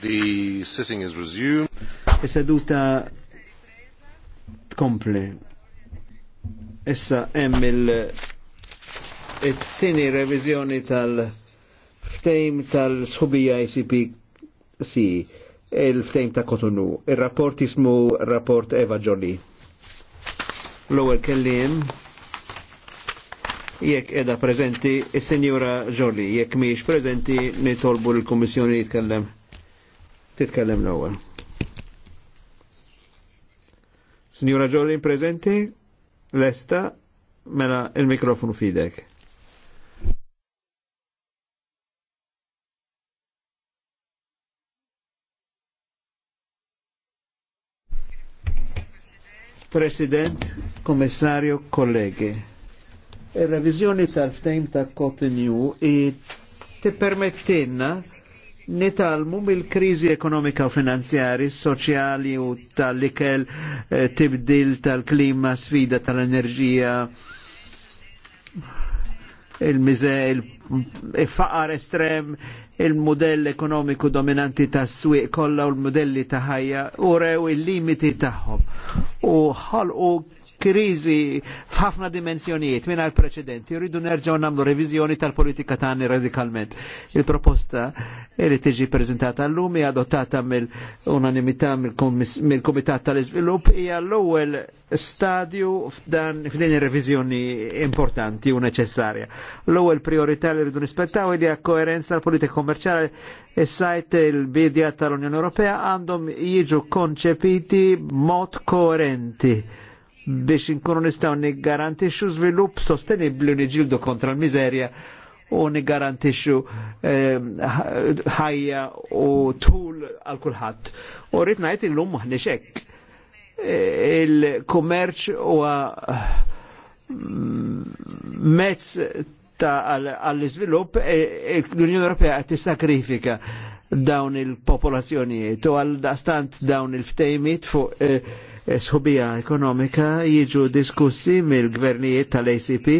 The sitting is resumed. Is-seduta e tkompli. Issa hemm il-tieni reviżjoni tal-ftejm tal-sħubija ICPC il-ftejm ta' Kotonu. Il-rapport ismu rapport Eva Jolly. L-ewwel kelliem jekk edha preżenti is-Sinjura Jolly, jekk miex prezenti nitolbu l-Kummissjoni jitkellem titkellem l-ewwel. Signora Jolin prezenti, lesta, mela il-mikrofonu fidek. President, Komissarju, kollegi. Il-revizjoni e tal-ftejm ta' Cotonou i e t-permettinna nitalmu mill-krizi ekonomika u finanzjari, soċjali u tal-ikel eh, tibdil tal-klima, sfida tal-enerġija, il-mize, il-faqar estrem, il-modell ekonomiku dominanti ta' s-swiq kolla u l-modelli ta' ħajja u rew il-limiti tagħhom. U ħalqu kriżi f'ħafna dimensjonijiet għal preċedenti. Rridu nerġaw namlu revizjoni tal-politika tagħni radikalment. Il-proposta li tiġi preżentata llum hija adottata mill-unanimità mill-Kumitat tal-Iżvilupp hija l-ewwel stadju f'dan f'din ir-reviżjoni importanti u neċessarja. L-ewwel priorità li rridu nispettaw hija koerenza tal-politika kommerċjali is-sajt il-bidja tal-Unjoni Ewropea għandhom jiġu konċepiti mod koerenti biex inkunu nistaw niggarantixxu żvilupp sostenibbli u niġildu kontra l-miżerja u niggarantixxu ehm, ħajja u tul għal kulħadd. U rrid ngħid illum maħniex hekk. E, il-kummerċ huwa mm, mezz ta' għall-iżvilupp e, e, l-Unjoni Ewropea qed tissakrifika dawn il-popolazzjonijiet u għal dastant dawn il-ftejmiet fuq sħubija ekonomika jiġu diskussi mill-gvernijiet tal-ACP,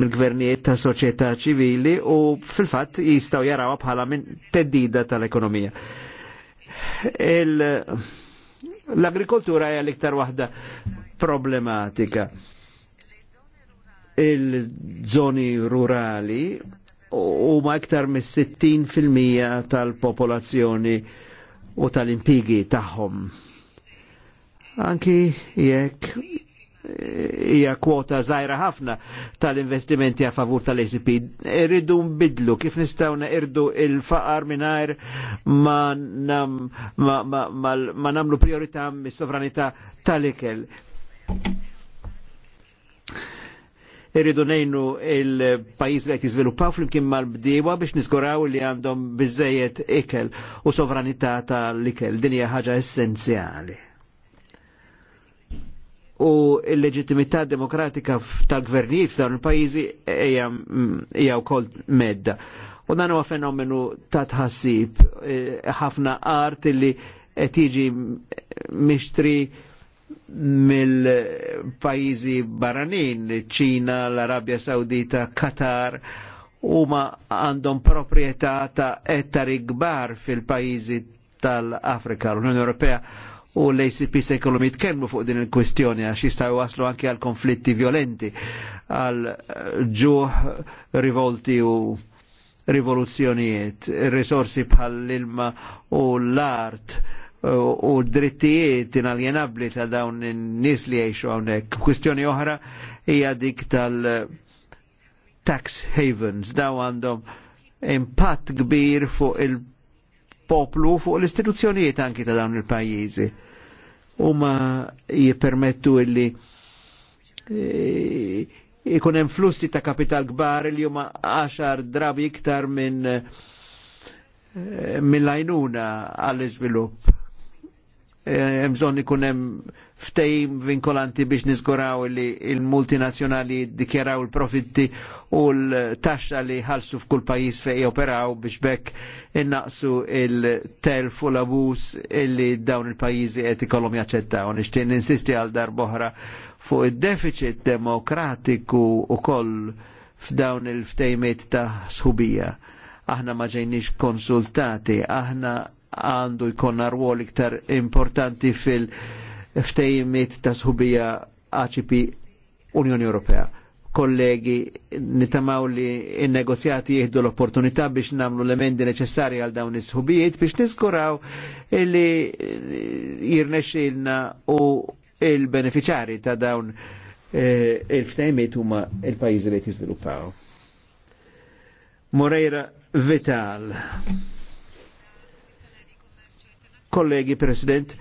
mill-gvernijiet ta' soċjetà ċivili u fil-fatt jistaw jaraw bħala minn teddida tal-ekonomija. L-agrikoltura hija l-iktar waħda problematika. Il-żoni rurali huma iktar mis-60% tal-popolazzjoni u tal-impigi tagħhom anki jekk eh, hija kwota żgħira ħafna tal-investimenti a favur tal-ACP. Irridu nbidlu kif nistgħu irdu il-faqar mingħajr ma, nam, ma, ma, ma, ma namlu priorità mis-sovranità tal-ikel. Irridu nejnu il-pajis li qed jiżviluppaw flimkien mal-bdiewa biex niskuraw li għandhom biżejjed ikel u sovranità tal-ikel. Din hija ħaġa essenzjali u l-leġittimità demokratika tal-gvernijiet f'dawn il-pajjiżi hija wkoll medda. U dan huwa fenomenu ta' tħassib e, ħafna art li qed jiġi mixtri mill-pajjiżi barranin, ċina, l-Arabja Sawdita, Qatar, huma għandhom proprjetà ta' ettari kbar fil-pajjiżi tal-Afrika, l-Unjoni Ewropea u l-ACP se jkollhom jitkellmu fuq din il-kwistjoni għax jistgħu waslu anke għal konflitti violenti, għal eh, ġuħ rivolti u rivoluzzjonijiet, risorsi bħal l-ilma u l-art eh, u drittijiet inaljenabbli ta' dawn in-nies li jgħixu hawnhekk. Kwistjoni oħra hija dik tal- tax havens, daw għandhom impatt kbir fuq il-poplu, fuq l-istituzzjonijiet anki ta' dawn il-pajjiżi u ma jipermettu illi e, ikun hemm flussi ta' kapital kbar li huma 10 drabi iktar minn e, min lajnuna għall-iżvilupp. E, hemm bżonn ikun hemm ftejm vinkolanti biex nizguraw li il-multinazzjonali dikjaraw il-profitti u l-taxxa li ħalsu f'kull pajis fej operaw biex bekk innaqsu il-telf u l-abus illi dawn il-pajizi qed ikollhom jaċċettaw. Nixtieq ninsisti għal darboħra fuq id-deficit demokratiku u koll f'dawn il-ftejmiet ta' sħubija. Aħna ma ġejniex konsultati, aħna għandu jkollna rwol iktar importanti fil- ftejmiet ta' sħubija ACP Unjoni Ewropea. Kollegi, nitamaw li il-negozjati jihdu l-opportunità biex namlu l-emendi neċessari għal dawn is-sħubijiet biex niskuraw li jirnexilna u il-beneficjari ta' dawn eh, il-ftejmiet huma il-pajjiżi li jiżviluppaw. Moreira Vital. Kollegi President,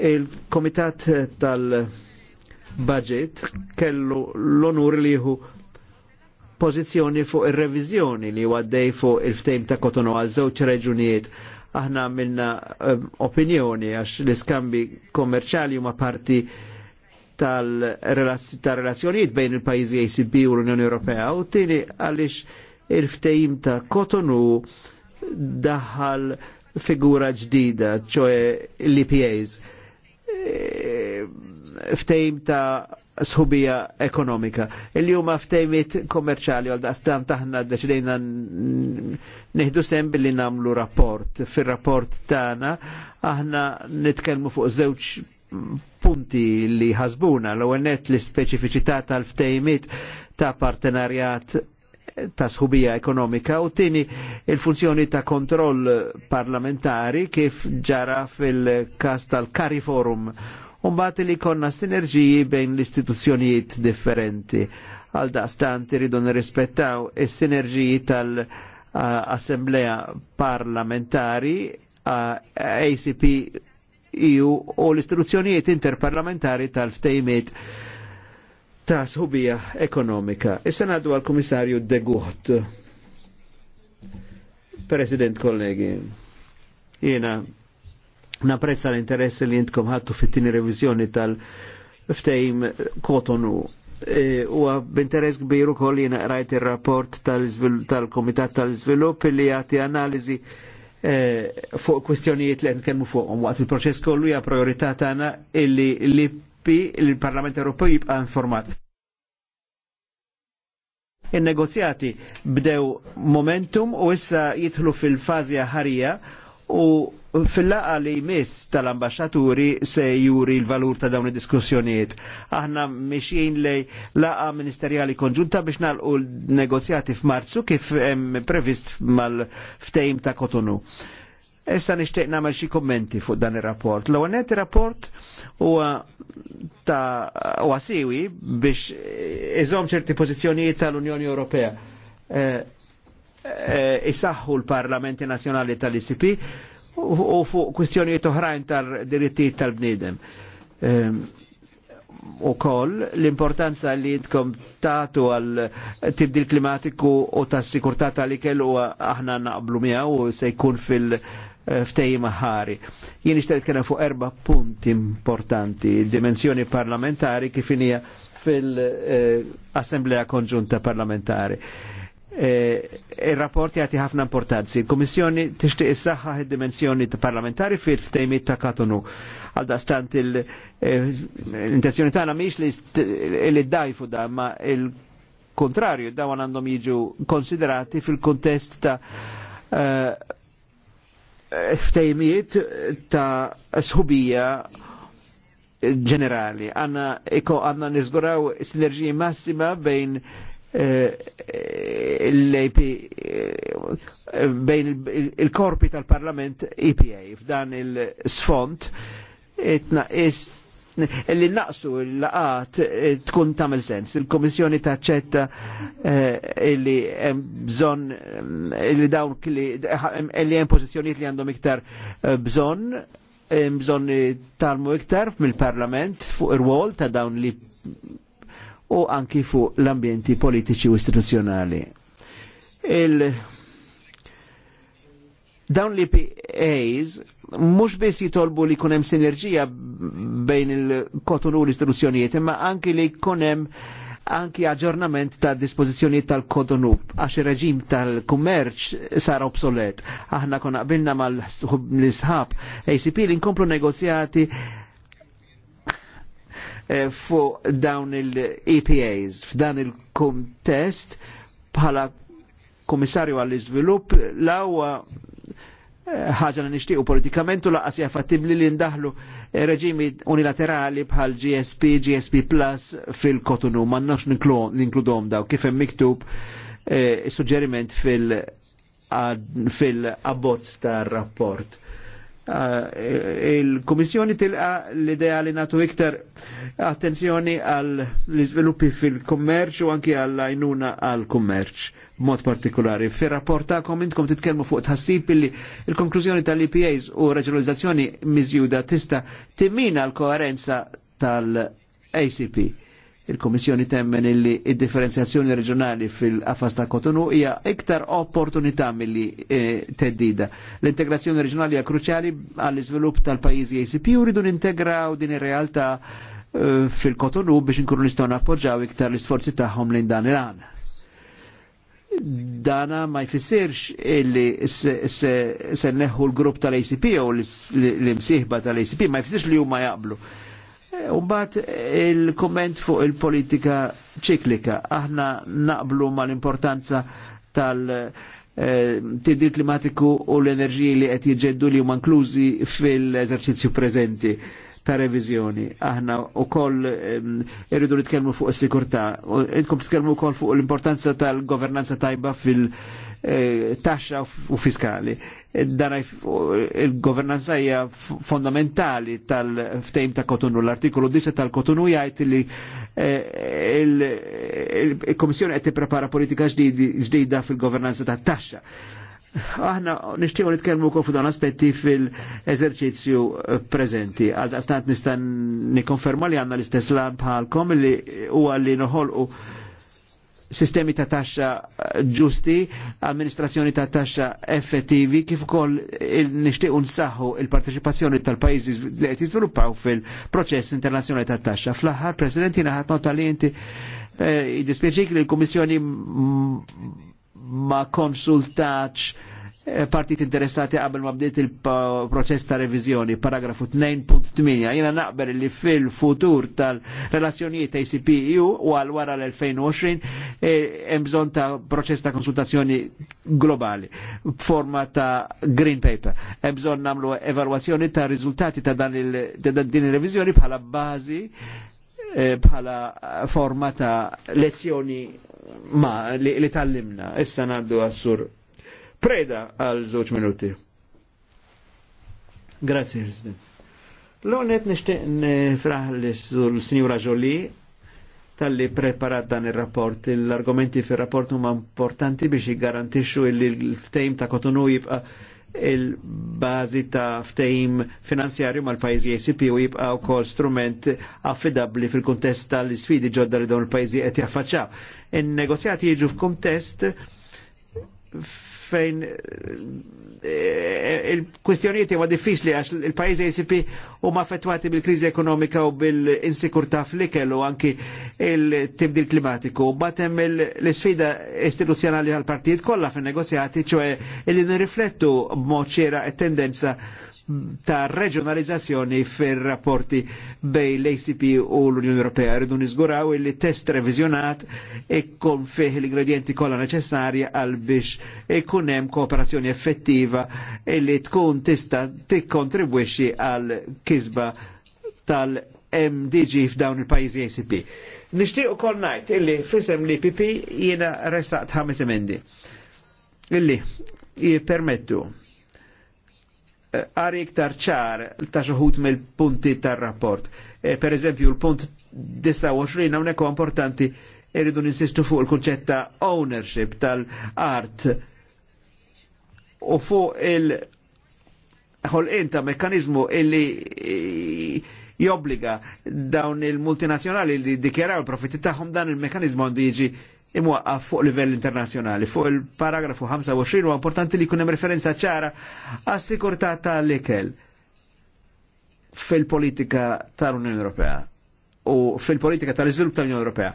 Il-Komitat tal-Budget kellu l-onur li hu pozizjoni fuq ir revizjoni li għaddej fuq il-ftejm ta' Kotonu għal żewġ reġunijiet aħna għamilna ehm, opinjoni għax l-iskambi kommerċali huma parti tal-relazzjonijiet bejn il-pajjiżi ACB u l-Unjoni Ewropea u tini għalix il ftejm ta' Kotonu daħal figura ġdida, ċoe l-IPAs e Eh, ftejm ta' sħubija ekonomika. Il-jum ftejmit kommerċali għal daqstan taħna deċidejna neħdu sem billi namlu rapport. Fil-rapport taħna aħna nitkelmu fuq żewġ punti li ħasbuna l ewwel l-speċifiċità tal-ftejmit ta' partenarjat ta' sħubija ekonomika u tini il-funzjoni ta' kontroll parlamentari kif ġara fil-kas tal kari Forum. Umbat li konna sinerġiji bejn l-istituzzjonijiet differenti. Għal daqstant iridu nirrispettaw is-sinerġiji tal-Assemblea Parlamentari ACP EU u l-istituzzjonijiet interparlamentari tal-ftejmiet ta' sħubija ekonomika. Issa għaddu għal-Komissarju Deguħt. President kollegi, jena naprezza l-interess li jintkom ħattu fit-tini revizjoni tal-ftejm Kotonu e, u b'interess kbir ukoll jiena rajt ir-rapport tal-Komitat tal-Iżvilupp li jagħti analiżi e, fuq kwistjonijiet li nkellmu fuqhom waqt il-proċess kollu hija priorità tagħna illi li gruppi il-Parlament Ewropew jibqa' informat. Il-negozjati bdew momentum u issa jidħlu fil-fazi ħarija u fil-laqa li jmiss tal-ambasċaturi se juri l-valur ta' dawn id-diskussjonijiet. Aħna miexjien lej laqa ministerjali konġunta biex nalqu l-negozjati f'Marzu kif hemm previst mal-ftejm ta' Kotonu. Issa nixtieq nagħmel xi kommenti fuq dan ir-rapport. L-ewwel rapport, -rapport huwa ta' wasiwi biex iżom ċerti pożizzjonijiet tal-Unjoni Ewropea. Eh, eh, Isaħħu l-Parlamenti Nazzjonali tal-ICP u fuq kwistjonijiet oħrajn tal diritti tal bnidem ehm, U koll l-importanza li jitkom tatu għal tibdil klimatiku u tas sikurtà tal-ikel u aħna naqblu miegħu u se jkun fil- Eh, ftejim ħari. Jien ixteret kena fuq erba punti importanti, dimensjoni parlamentari kif hija fil-Assemblea Konġunta Parlamentari. Eh, il-rapport jagħti ħafna importanzi. Il-Kummissjoni tixtieq issaħħaħ id-dimensjoni parlamentari fil ftejmit ta' Katonu. Għal daqstant eh, l-intenzjoni tagħna mhix li ddajfu da ma il-kontrarju dawn għandhom jiġu konsiderati fil-kontest ta' ftejmiet ta' sħubija ġenerali. Għanna iko għanna nizguraw sinerġiji massima bejn eh, l-AP eh, bejn il-korpi tal-parlament EPA f'dan il-sfont itnaqis li naqsu l-laqat eh, tkun tamel sens. Il-Komissjoni taċċetta eh, li hemm bżonn eh, li dawn li hemm pożizzjonijiet li għandhom iktar bżonn bżonn talmu iktar mill-Parlament fuq ir-wol ta' dawn li u anki fuq l-ambjenti politiċi u istituzzjonali. Dawn li PAs mux biss jitolbu li kunem sinerġija bejn il-kotonu u l-istituzzjonijiet, imma anki li kunem anki aġġornament ta' dispożizzjonijiet tal-kotonu għax ir-reġim tal-kummerċ sar obsolet. Aħna kon qabilna mal-isħab ACP li nkomplu negozjati eh, fuq dawn il-EPAs, f'dan il-kontest bħala komissarju għall-izvilupp l-għawa ħaġa li nixtiequ politikament u laqas jaffattibli li ndaħlu eh, reġimi unilaterali bħal GSP, GSP Plus fil-Kotonu, ma nnox ninkludom daw kif hemm miktub eh, suġġeriment fil- fil-abbozz tar rapport Eh, il-Komissjoni tilqa l-idea li natu iktar attenzjoni għall izviluppi fil-kummerċ u anki għall għajnuna għall kummerċ mod partikolari. Fi kom intkom titkelmu fuq tħassib li il-konklużjoni tal-EPAs u reġionalizzazzjoni miżjuda tista timmina l-koerenza tal-ACP il-Komissjoni temmen illi id-differenzjazzjoni reġjonali fil-qafas ta' Kotonu hija iktar opportunità milli eh, teddida. L-integrazzjoni reġjonali hija kruċjali għall-iżvilupp tal-pajjiżi ACP u rridu nintegraw din ir-realtà eh, fil-Kotonu biex inkunu nistgħu nappoġġaw iktar l-isforzi tagħhom lejn dan il-għana. Dana ma jfissirx illi se neħu l-grupp tal-ACP u l-imsieħba tal-ACP, ma jfissirx li huma jaqblu Eh, Umbat eh, il-komment fuq il-politika ċiklika. Aħna naqblu mal-importanza tal- eh, tidil klimatiku u l-enerġiji li qed jiġġeddu li huma inklużi fil-eżerċizzju preżenti ta' revizjoni. Aħna u koll irridu nitkellmu fuq is-sikurtà. Intkom titkellmu wkoll fuq l-importanza tal-governanza tajba fil- Eh, taxxa u fiskali. E Dan il-governanza hija fondamentali tal-ftejm ta' Kotunu. L-artikolu 10 tal-Kotunu jgħid li eh, il-Komissjoni qed tipprepara politika ġdida fil-governanza ta' taxxa. Aħna nixtiegħu nitkellmu wkoll f'dan aspetti fil-eżerċizzju preżenti. Għal daqstant nista' nikkonferma li għandna l-istess lan bħalkom li huwa li noħolqu sistemi ta' taxxa eh, ġusti, amministrazzjoni ta' taxxa effettivi, kif ukoll nixtiequ nsaħħu il-parteċipazzjoni tal-pajjiżi li qed jiżviluppaw fil-proċess internazzjonali ta' taxxa. Fl-aħħar, President, jiena ħadd nota li inti eh, jiddispjaċik li l-Kummissjoni ma konsultax Eh, partit interessati qabel ma bdiet il-proċess ta' revizjoni, paragrafu 2.8. Jena naqber li fil-futur tal relazzjoniet ACP EU u għal wara l-2020 eh, hemm bżonn ta' proċess ta' konsultazzjoni globali forma ta' green paper. Hemm bżonn nagħmlu evalwazzjoni ta' riżultati ta' dan din ir-reviżjoni bħala bażi eh, bħala forma ta' lezzjoni ma li, li tallimna. Issa ngħaddu għassur Preda għal zoċ minuti. Grazie, President. L-għonet nishtiq nifraħ l-Sinjura Ġoli tal-li preparat dan il-rapport. L-argumenti fil-rapport huma importanti biex jgarantixxu li l-ftejm ta' Kotonu jibqa' il-bazi ta' ftejm finanzjarju mal-pajzi ACP u jibqa' u kol strument affidabli fil kontest tal sfidi ġodda li dawn il-pajzi għet jaffaċċaw. il negozjati jiġu f'kuntest fejn eh, il-kwestjonijiet huwa diffiċli għax il-pajjiż ACP huma affettwati bil-kriżi ekonomika u bil-insikurtà fl-ikel u anki il-tibdil klimatiku. Batem l-sfida istituzzjonali għal-partijiet kollha fin-negozjati, ċoe li nirriflettu b'mod ċera tendenza ta' reġjonalizzazzjoni fir-rapporti bej l-ACP u l-Unjoni Ewropea. Rridu niżguraw li test revizjonat ikkun fih l-ingredienti kollha neċessarja għal biex ikun hemm kooperazzjoni effettiva li tkun tista' tikkontribwixxi għal kisba tal-MDG f'dawn il-pajjiżi ACP. Nixtieq ukoll ngħid illi fisem li PP jiena resaqt ħames emendi illi jipermettu għari iktar ċar ta' xoħut mill-punti tar-rapport. E, per eżempju, l-punt 29 hawnhekk huwa importanti irridu ninsistu fuq il-kunċett ta' ownership tal-art u fuq il- ħolqien ta' mekkanizmu illi jobbliga dawn il-multinazzjonali li dikjaraw il-profitti tagħhom dan il-mekkanizmu għandu jiġi imwaqqaf fuq livell internazjonali. Fuq il-paragrafu 25 huwa importanti li kunem hemm referenza ċara għas-sikurtà tal-ikel fil-politika tal-Unjoni Ewropea u fil-politika tal-iżvilupp tal-Unjoni Ewropea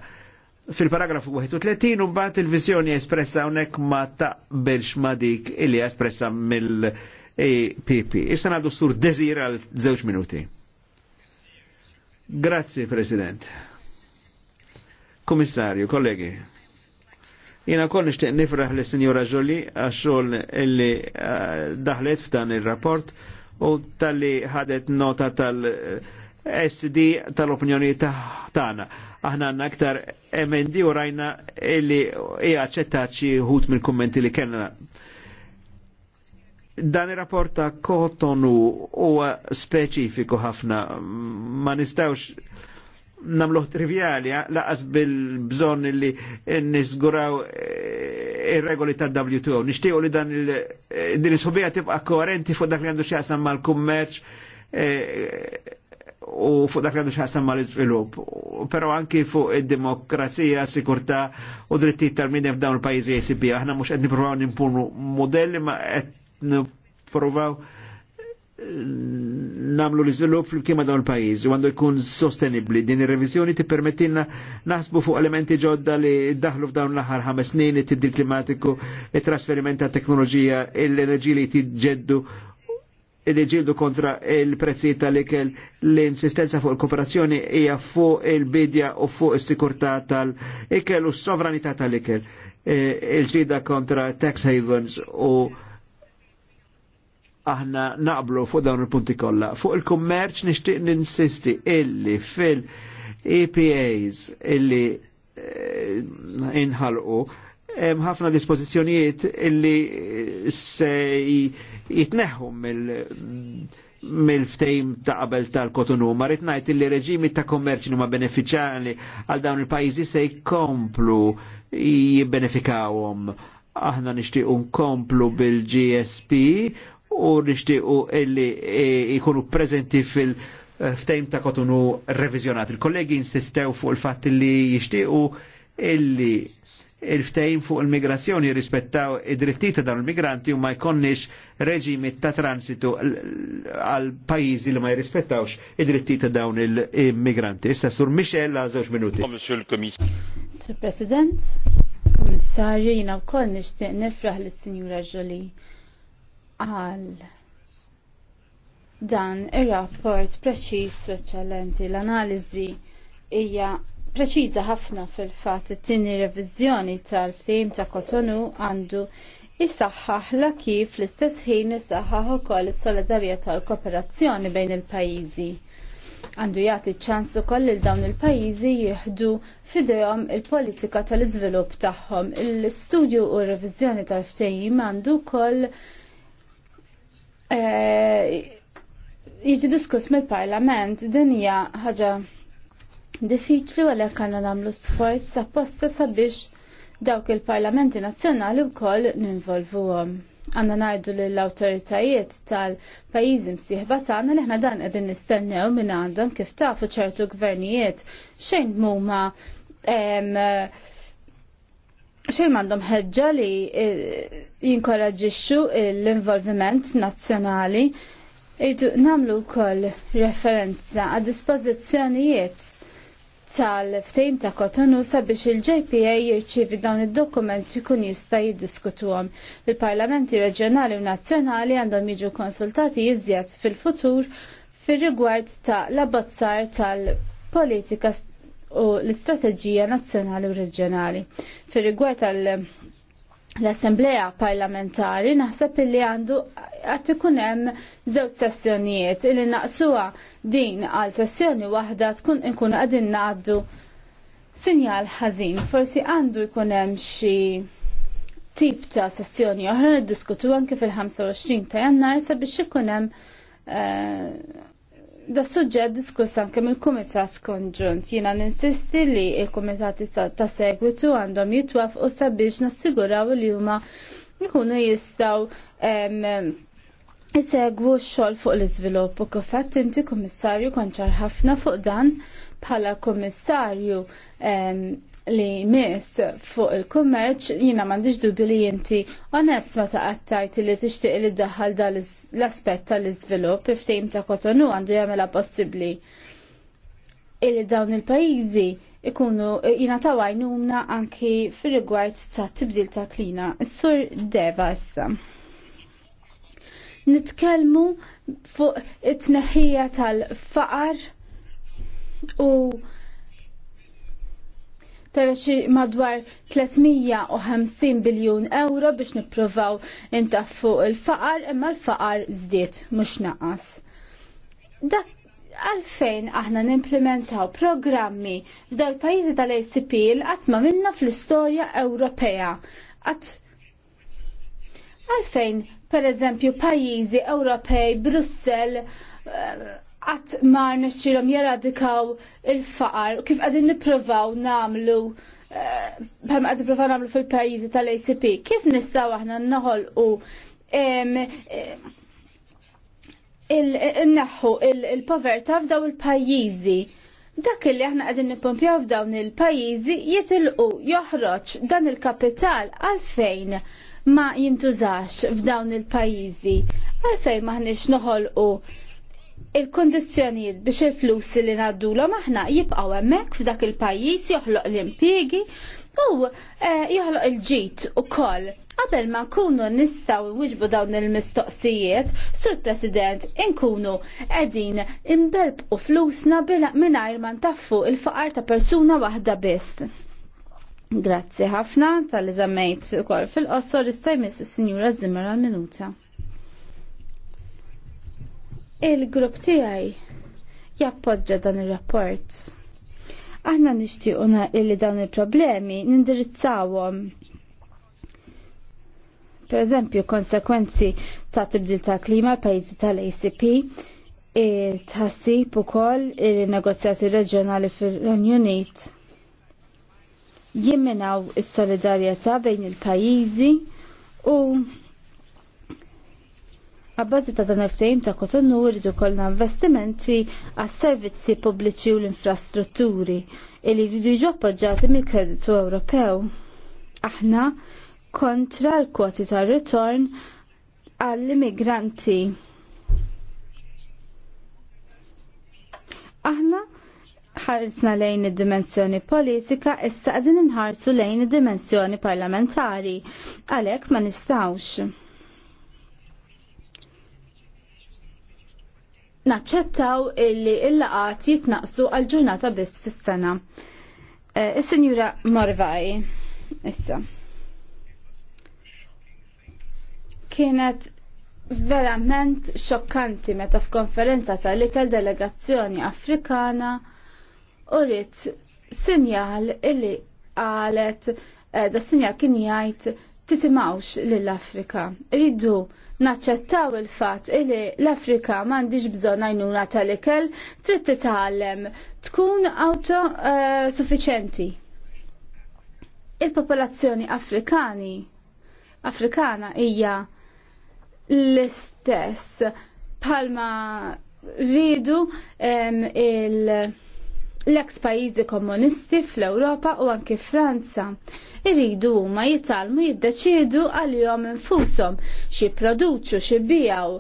fil-paragrafu 31 mbagħad il-visjoni espressa hawnhekk ma taqbilx ma dik li espressa mill-APP. Issa ngħadu sur deżir għal żewġ minuti. Grazie, President. Komissarju, kollegi. Jena kol nishtiq nifraħ li Sinjora Ġoli għaxol illi daħlet f'dan il-rapport u tal-li ħadet nota tal-SD tal-opinjoni taħtana. Aħna għanna aktar emendi u rajna illi iħaċċettaċi ħut minn kommenti li kellna dan il-rapport ta' kotonu huwa speċifiku ħafna ma nistawx namluħ trivjali, eh, laqas bil-bżon li nisguraw eh, il-regoli ta' WTO. Nishtiju li dan eh, din subija tibqa koherenti fuq dak li għandu xaqsam mal-kummerċ u fuq dak li għandu xaqsam mal-izvilup. Pero anki fuq id-demokrazija, sikurta u dritti tal-midem f'dawn il-pajizi jessibija. Aħna mux għedni provaw nimpunu modelli ma għedni provaw namlu l-izvilup fil-kima dawn il-pajiz, għandu jkun sostenibli. Din il revizjoni ti permettina naħsbu fuq elementi ġodda li daħlu f'dawn l ħar ħames snin, it-tibdil klimatiku, it-trasferiment ta' teknoloġija, l enerġi li tiġġeddu li ġildu kontra il-prezzi tal-ikel l-insistenza fuq il-kooperazzjoni hija fuq il-bidja u fuq is-sikurtà tal-ikel u s-sovranità tal-ikel. E, Il-ġida kontra tax havens u aħna naqblu fuq dawn il-punti kollha. Fuq il-kummerċ nixtieq ninsisti illi fil-EPAs illi eh, inħalqu hemm ħafna dispożizzjonijiet illi eh, se jitneħħu mill mill-ftejm ta' qabel tal-Kotonu. Marit ngħid illi reġimi ta' kommerċi huma benefiċjali għal dawn il-pajjiżi se jkomplu jibbenefikawhom aħna nixtiequ nkomplu bil-GSP u nixtiequ illi jkunu e, prezenti fil- e, ftejm ta' kotunu revizjonat. Il-kollegi insistew fuq il-fatt li jixtiequ illi il ftejm fuq il-migrazzjoni jirrispettaw id-drittijiet ta' dawn il-migranti u ma jkonniex reġimi ta' transitu għal pajjiżi li ma jirrispettawx id-drittijiet ta' dawn il-migranti. Issa sur Michel għal żewġ minuti. Oh, sur President, Kommissarju, jina wkoll nixtieq nifraħ lis-Sinjura Ġoli għal dan ir-rapport preċiż u eccellenti, L-analiżi hija preċiża ħafna fil-fatt it-tieni reviżjoni tal-ftehim ta' Kotonu għandu jisaħħaħ la kif l-istess ħin jisaħħaħ ukoll is-solidarjetà u l-kooperazzjoni bejn il-pajjiżi. Għandu jagħti ċans ukoll lil dawn il-pajjiżi jieħdu f'idejhom il-politika tal-iżvilupp tagħhom. L-istudju u r-reviżjoni tal-ftehim għandu wkoll Eh, jiġi diskuss mill-Parlament din hija ħaġa diffiċli u għalhekk għandna nagħmlu sforz apposta sabiex dawk il-parlamenti nazzjonali wkoll ninvolvuhom. Għandna ngħidu lill awtoritajiet tal-pajjiżi msieħba tagħna li aħna dan qegħdin nistennew minn għandhom kif tafu ċertu gvernijiet xejn huma xejn m'għandhom ħeġġa li e, jinkoraġġixxu l-involviment nazzjonali irdu namlu wkoll referenza għad dispożizzjonijiet tal-ftejm ta' Kotonu sabiex il-JPA jirċivi dawn id-dokumenti kun jista' jiddiskutuhom. Il-parlamenti reġjonali u nazzjonali għandhom jiġu konsultati jiżjed fil-futur fir-rigward ta' l-abbozzar tal-politika u l-Istrateġija Nazzjonali u Reġjonali. Fir rigward l-Assembleja Parlamentari naħseb li għandu għat ikun hemm żewġ sessjonijiet li naqsuha din għal sessjoni waħda tkun inkun qegħdin ngħaddu sinjal ħażin. Forsi għandu jkun hemm xi tip ta' sessjoni oħra niddiskutu anke fil-25 ta' jannar sabiex ikun hemm uh, Da suġġett diskuss anke mill-Kumitat Konġunt. Jiena ninsisti li l-Kumitati ta' segwitu għandhom jitwaf u sabiex nassiguraw li huma jkunu jistgħu isegwu x-xogħol fuq l izvilupp u kif inti Kummissarju konċar ħafna fuq dan bħala Kummissarju li miss fuq il-kummerċ jina mandiġ dubju li jinti onest ma taqattajt li tixtieq li ddaħħal da l-aspett tal-iżvilupp iftejm ta' kotonu għandu jagħmilha possibbli. Illi dawn il-pajjiżi ikunu jina tawajnuna anki fir-rigward ta' tibdil ta' klina. s sur Deva issa. Nitkellmu fuq it-tneħħija tal-faqar u madwar 350 biljun euro biex nippruvaw intaffu il-faqar imma l-faqar żdied mhux naqas. Dak għalfejn aħna nimplementaw programmi f'dal pajjiżi tal-ACP l-qatma minna fl-istorja Ewropea. għalfejn, per eżempju, pajjiżi Ewropej, Brussell, eh, qatt ma nixxilhom jeradikaw il-faqar u kif għadin nippruvaw nagħmlu eh, bħalma għadin niprofaw nagħmlu fil-pajjiżi tal-ACP. Kif nistgħu aħna eh, u il-neħu il-poverta f'daw il-pajjiżi. Dak li aħna qegħdin nippompjaw f'dawn il-pajjiżi jitilqu joħroġ dan il-kapital għalfejn ma jintużax f'dawn il-pajjiżi. Għalfejn maħniex noħolqu il-kondizjonijiet biex il flussi li naddu l aħna jibqaw hemmhekk f'dak il-pajjiż joħloq l impiegi u eh, joħloq il-ġit ukoll. Qabel ma nkunu nistgħu wiġbu dawn il-mistoqsijiet, sur President, inkunu qegħdin u flusna mingħajr ma ntaffu il-faqar ta' persuna waħda biss. Grazzi ħafna tal-li żammejt ukoll fil-qosor istajmis is-Sinjura Zimmer għal-minuta. Il-grupp tiegħi jappoġġa dan ir-rapport. Aħna nixtiequna illi dawn il-problemi nindirizzawhom per eżempju konsekwenzi ta' tibdil ta' klima pajjiżi tal-ACP, il-tħassib ukoll il-negozjati reġjonali fir-Renju Unit jimminaw is-solidarjetà bejn il-pajjiżi u Għabbażi ta' dan il-ftehim ta' kotonnu rridu kollna investimenti għas servizzi pubbliċi u l-infrastrutturi li jridu jiġu appoġġati mill-kreditu Ewropew. Aħna kontra l-kwoti ta' ritorn għall-immigranti. Aħna ħarsna lejn id-dimensjoni politika issa qegħdin inħarsu lejn id-dimensjoni parlamentari. Għalhekk ma nistgħux. naċċettaw illi il-laqat jitnaqsu għal ġurnata biss fis-sena. Eh, Is-Sinjura Morvaj, issa. Kienet verament xokkanti meta f'konferenza tal-ikel delegazzjoni Afrikana u rrit sinjal illi qalet eh, da sinjal kien jgħid titimawx lill-Afrika. Ridu naċċettaw il-fatt illi l-Afrika m'għandix bżonn għajnuna tal-ikel trid titgħallem tkun auto eh, suffiċenti. Il-popolazzjoni Afrikani Afrikana hija l-istess palma ridu il- l-eks pajizi komunisti fl-Europa u anki Franza. Iridu ma jitalmu jiddeċidu għal-jom infusom, xie produċu, xie bijaw.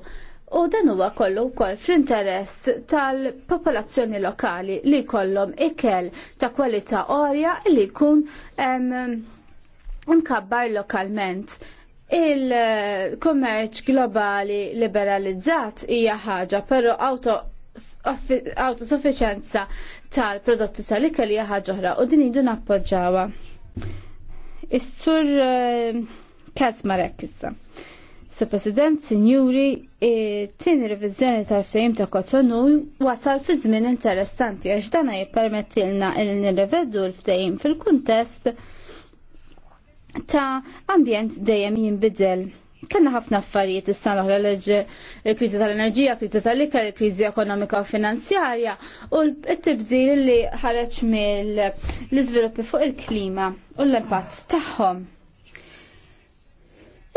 U dan huwa kollu wkoll fl-interess tal-popolazzjoni lokali li kollhom ikel ta' kwalità orja li jkun mkabbar lokalment. Il-kommerċ globali liberalizzat hija ħaġa, però auto autosufficienza tal-prodotti tal-ikel li ħaġoħra u din idu nappoġġawa. Is-sur eh, Kazmarek issa. Sur President, Sinjuri, tini revizjoni tal-ftehim ta' Kotonu wasal fi żmien interessanti għax dana jippermettilna il nirrevedu l-ftehim fil-kuntest ta' ambjent dejjem jinbidel Kanna ħafna affarijiet issa l leġ il-kriżi tal-enerġija, kriżi tal-ikel, il-kriżi ekonomika u finanzjarja u t-tibżil li ħareġ mill-iżviluppi fuq il-klima u l-impatt tagħhom.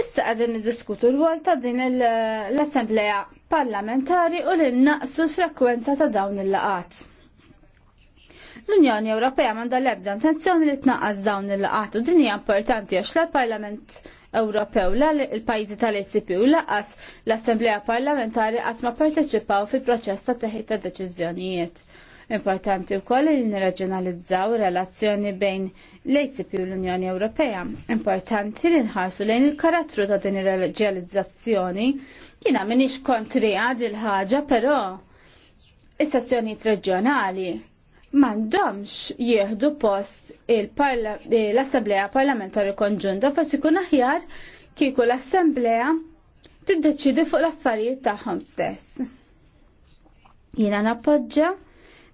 Issa qegħdin niddiskutu l-wol ta' din l-Assembleja Parlamentari u li naqsu l-frekwenza ta' dawn il-laqat. L-Unjoni Ewropea manda l-ebda intenzjoni li tnaqqas dawn il-laqat u din hija importanti għax l-Parlament Ewropew la il-pajjiżi tal-ECP u laqas l-Assemblea Parlamentari qatt ma parteċipaw fil-proċess ta' teħid ta' deċiżjonijiet. Importanti wkoll li nirraġjonalizzaw relazzjoni bejn l-ACP u l-Unjoni Ewropea. Importanti li nħarsu lejn il-karattru ta' din ir-reġjonalizzazzjoni. Jiena kontri għad il ħaġa però is-sessjonijiet reġjonali mandomx jieħdu post l-Assemblea Parlamentari Konġunta forsi kun aħjar kieku l-Assemblea tiddeċidi fuq l-affarijiet tagħhom stess. Jiena nappoġġa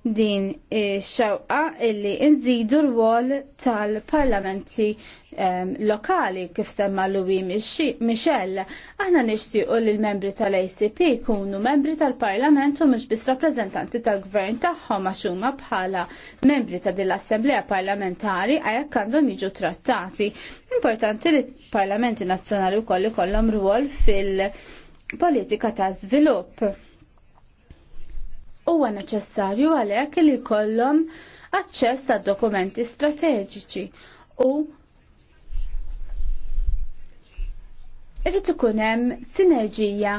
din xewqa illi nżidu r-wol tal-parlamenti ehm, lokali kif semma Louis Michel. Aħna nixtiequ li l-membri tal-ACP jkunu membri tal-Parlament u mhux biss rappreżentanti tal-gvern tagħhom għax huma bħala membri ta' din l-Assemblea Parlamentari għajek għandhom jiġu trattati. Importanti li parlamenti nazzjonali wkoll ikollhom rwol fil-politika ta' żvilupp huwa neċessarju għalhekk li jkollhom aċċess għad dokumenti strateġiċi u irrid ikun hemm sinerġija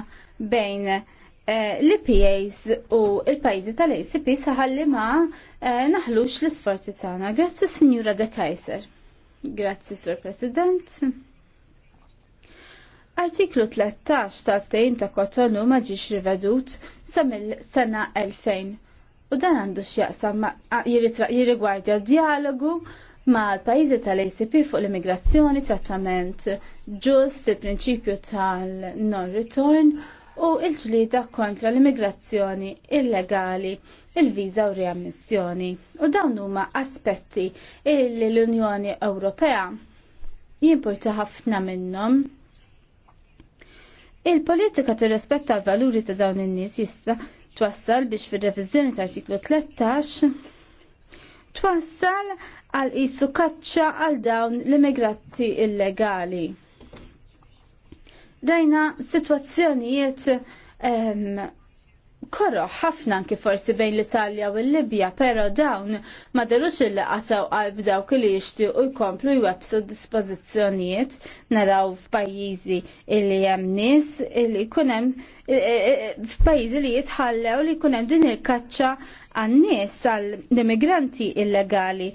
bejn eh, l-IPAs u l-pajjiżi tal-ACP saħalli ma eh, naħlux l-isforzi tagħna. Grazzi Sinjura De Kaiser. Grazzi Sur President. Artiklu 13 tal-ftehim ta' Kotonu ma ġiex rivedut sa mill-sena 2000 u dan għandu x'jaqsam jirrigwardja dialogu ma' l-pajjiżi tal-ACP fuq l-immigrazzjoni, trattament ġust, il-prinċipju tal-non return u il-ġlida kontra l-immigrazzjoni illegali, il-viża u riammissjoni. U dawn huma aspetti li l-Unjoni Ewropea jimporta ħafna minnhom Il-politika tirrispetta l-valuri ta' dawn in-nies jista' twassal biex fir-reviżjoni ta' artiklu 13 twassal għal qisu kaċċa għal dawn l immigrati illegali. Dajna sitwazzjonijiet ehm, korroħ ħafna anki forsi bejn l-Italja u l-Libja, pero dawn ma darux il qataw qalb daw li jixtiequ u jkomplu jwebsu dispożizzjonijiet naraw f'pajjiżi illi hemm nies illi jkun hemm e, e, e, f'pajjiżi li jitħallew li jkun hemm din il-kaċċa għan-nies għall-immigranti illegali.